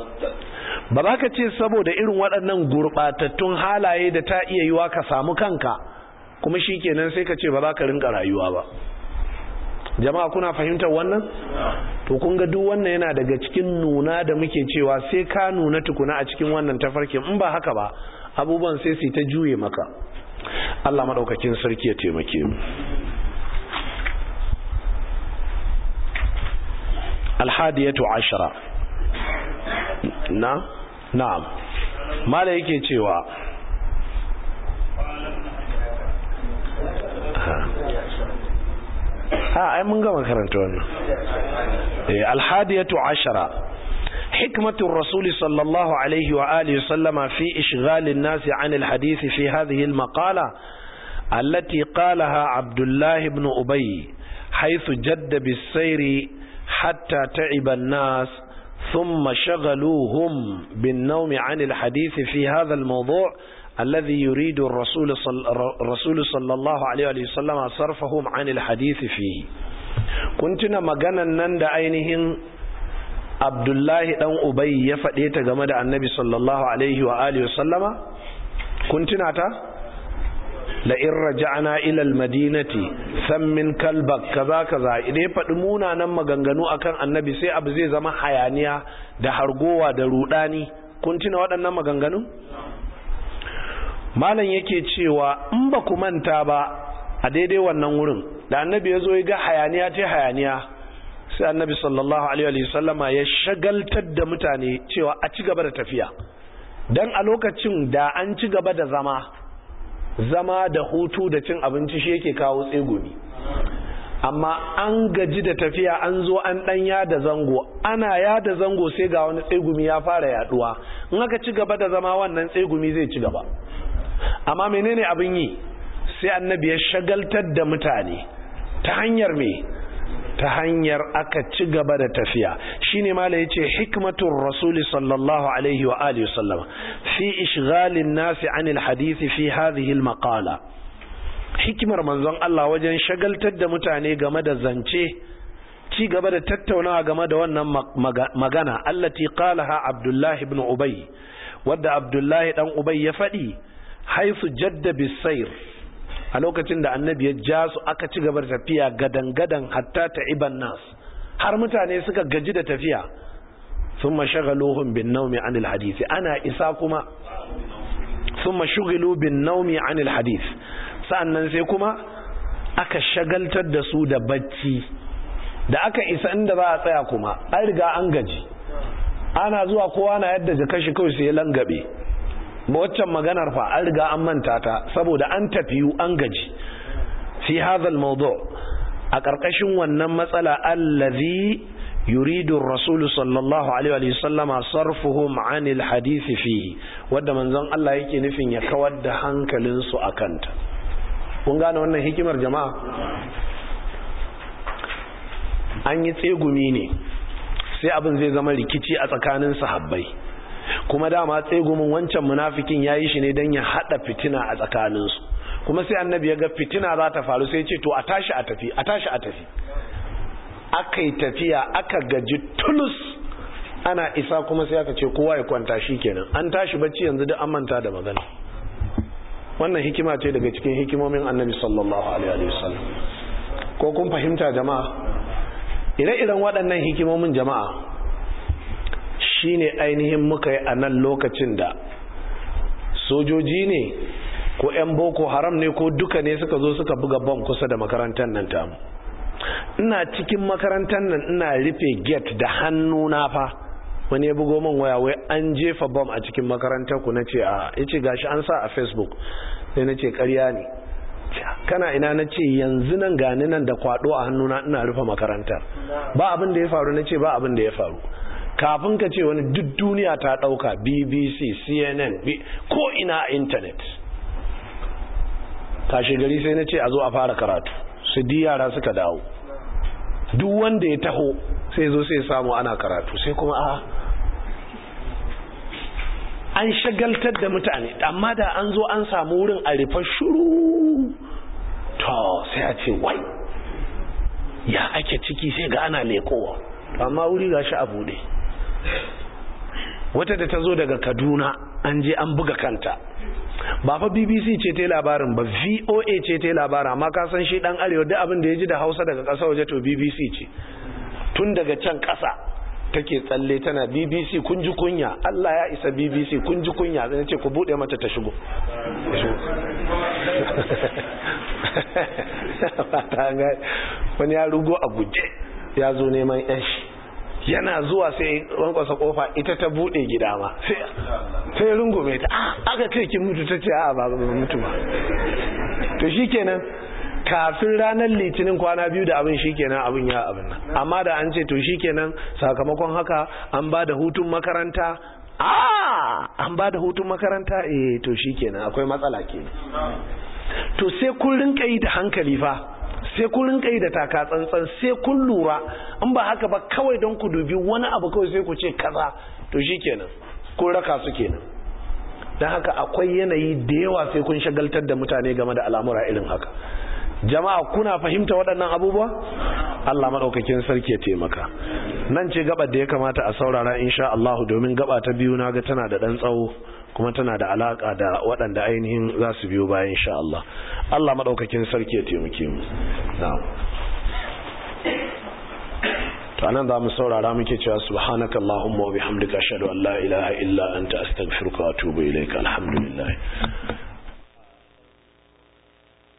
ba za ka ce saboda irin waɗannan gurɓatattun halaye da ta iya yiwa ka samu kanka kuma shi kenan sai ka ce ba za ka rinka rayuwa ba jama'a kuna fahimtar wannan to kun ga duk wannan yana daga cikin nuna da muke cewa sai ka nuna tukuna a cikin wannan tafarki. in ba haka ba abubuwan sai su ta juye maka Allah madaukakin sarki ya taimake mu alhadiyatu Ashira na na'am mala yake cewa a ai mun gama karanta wannan eh, alhadiyatu ashara hikmatu rasul sallallahu alaihi wa alihi sallama fi ishghalin nasi an alhadith fi hadhihi almaqala التي قالها عبد الله بن أبي حيث جد بالسير حتى تعب الناس ثم شغلوهم بالنوم عن الحديث في هذا الموضوع الذي يريد الرسول صلى, الرسول صلى الله عليه وسلم صرفهم عن الحديث فيه كنتنا مغانا نند عينهم عبد الله بن أبي يفديت game da annabi sallallahu alaihi wa alihi wasallama kun la in raja'na ila madinati, san min kalbak kaza kaza idan ya faɗi munanan maganganu akan annabi sai abu zai zama hayaniya da hargowa da rudani kun tuna waɗannan maganganu malam yake cewa in ba ku manta ba a daidai wannan wurin da annabi ya zo ya ga hayaniya ce hayaniya sai annabi sallallahu alaihi wasallama ya shagaltar da mutane cewa a ci gaba da tafiya dan a lokacin da an ci gaba da zama zama da hutu da cin abinci shi yake kawo tsegumi amma an gaji da tafiya an zo an dan yada zango ana yada zango sai ga wani tsegumi ya fara yaduwa in aka ci gaba da zama wannan tsegumi zai ci gaba amma menene abin yi sai annabi ya shagaltar da mutane ta hanyar mai ta hanyar aka ci gaba da tafiya shine mala yace hikmatur rasul sallallahu alaihi wa alihi wasallam fi ishghalin nasi anil hadisi fi hadhihi al maqala hikimar manzon Allah wajen shagaltar da mutane game da zance ci gaba da tattaunawa game da wannan magana allati qalaha abdullahi ibn ubay wadda abdullahi dan ubay ya faɗi haisu jadda bisair a lokacin da annabi ya ja su aka ci gabar tafiya gadan-gadan hatta ta iban nas har mutane suka gaji da tafiya sun mashagaluhun bin naumi anil hadisi ana isa kuma sun mashugilu bin naumi anil hadis sa'annan sai kuma aka shagaltar da su da bacci da aka isa inda za a tsaya kuma an riga an gaji ana zuwa kowa na yadda da kashi kawai sai ya langabe waccan maganar fa an riga an manta ta saboda an tafiyu an gaji fi hadhal mawdu a ƙarƙashin wannan matsala allazi yuridu ar-rasul sallallahu alaihi wa sallama sarfuhum anil hadisi fihi wadda manzon Allah yake nufin ya kawar da su a kanta kun gane wannan hikimar jama'a an yi tsegumi ne sai abin zai zama rikici a tsakanin sahabbai kuma dama tsegumin wancan munafikin ya yi shi ne don ya haɗa fitina a tsakaninsu kuma sai annabi ya ga fitina za ta faru sai ya ce to a tashi a tafi a tashi a tafi aka yi tafiya aka gaji tulus ana isa kuma sai aka ce kowa ya kwanta shi kenan an tashi bacci yanzu duk an manta da magana wannan hikima ce daga cikin hikimomin annabi sallallahu alaihi wa sallam. ko kun fahimta jama'a ire-iren waɗannan hikimomin jama'a shine ainihin muka yi a nan lokacin da sojoji ne ko 'yan boko haram ne ko duka ne suka zo suka buga bom kusa da makarantar nan tamu ina cikin makarantar nan ina rufe get da hannuna fa wani ya bugo man waya wai an jefa bom a cikin makarantar ku nace a yace gashi an sa a facebook sai nace karya ne kana ina na ce yanzu nan gani nan da kwado a hannuna ina rufe makarantar ba abin da ya faru nace ba abin da ya faru kafin ka ce wani duk duniya ta ɗauka bbc cnn ko ina a intanet tashi gari sai na ce a zo a fara karatu su di yara suka dawo duk wanda ya taho sai zo sai samu ana karatu sai kuma a an shagaltar da mutane amma da an zo an samu wurin a rufe shuru to sai a ce wai ya ake ciki sai ga ana lekowa amma wuri ga shi a bude wata da ta zo daga kaduna an je an buga kanta ba fa bbc ce ta labarin ba voa ce ta labarin amma ka san shi dan arewa duk abin da ya ji da hausa daga ƙasa waje to bbc ce tun daga can ƙasa take tsalle tana bbc kun ji kunya allah ya isa bbc kun ji kunya zai ce ku buɗe mata ta shigo wani ya rugo a guje ya zo neman yan shi yana zuwa sai rankwasa kofa ita ta bude gida ma sai rungume ta ah, aka ce kin mutu ta ce a babu mutu ba to shikenan kafin ranar litinin kwana biyu da abin shikenan abin ya abin nan amma da an ce to shikenan sakamakon haka an ba da hutun makaranta ah an ba da hutun makaranta eh to shikenan akwai matsala ke to sai kun rinka yi da hankali fa sai kun rinka yi da taka tsantsan sai kun lura in ba haka ba kawai don ku dubi wani abu kawai sai ku ce kaza to shi kenan kun raka su kenan don haka akwai yanayi da yawa sai kun shagaltar da mutane game da al'amura irin haka jama'a kuna fahimta waɗannan abubuwa Allah maɗaukakin sarki ya taimaka nan ce gaba da ya kamata a saurara insha Allah domin gaba ta biyu na ga tana da ɗan tsawo kuma tana da alaka da waɗanda ainihin za su biyo bayan insha Allah Allah maɗaukakin sarki ya taimake mu na'am to za mu saurara muke cewa subhanaka allahumma wa bihamdika ashhadu an la ilaha illa anta astaghfiruka wa atubu ilaika alhamdulillah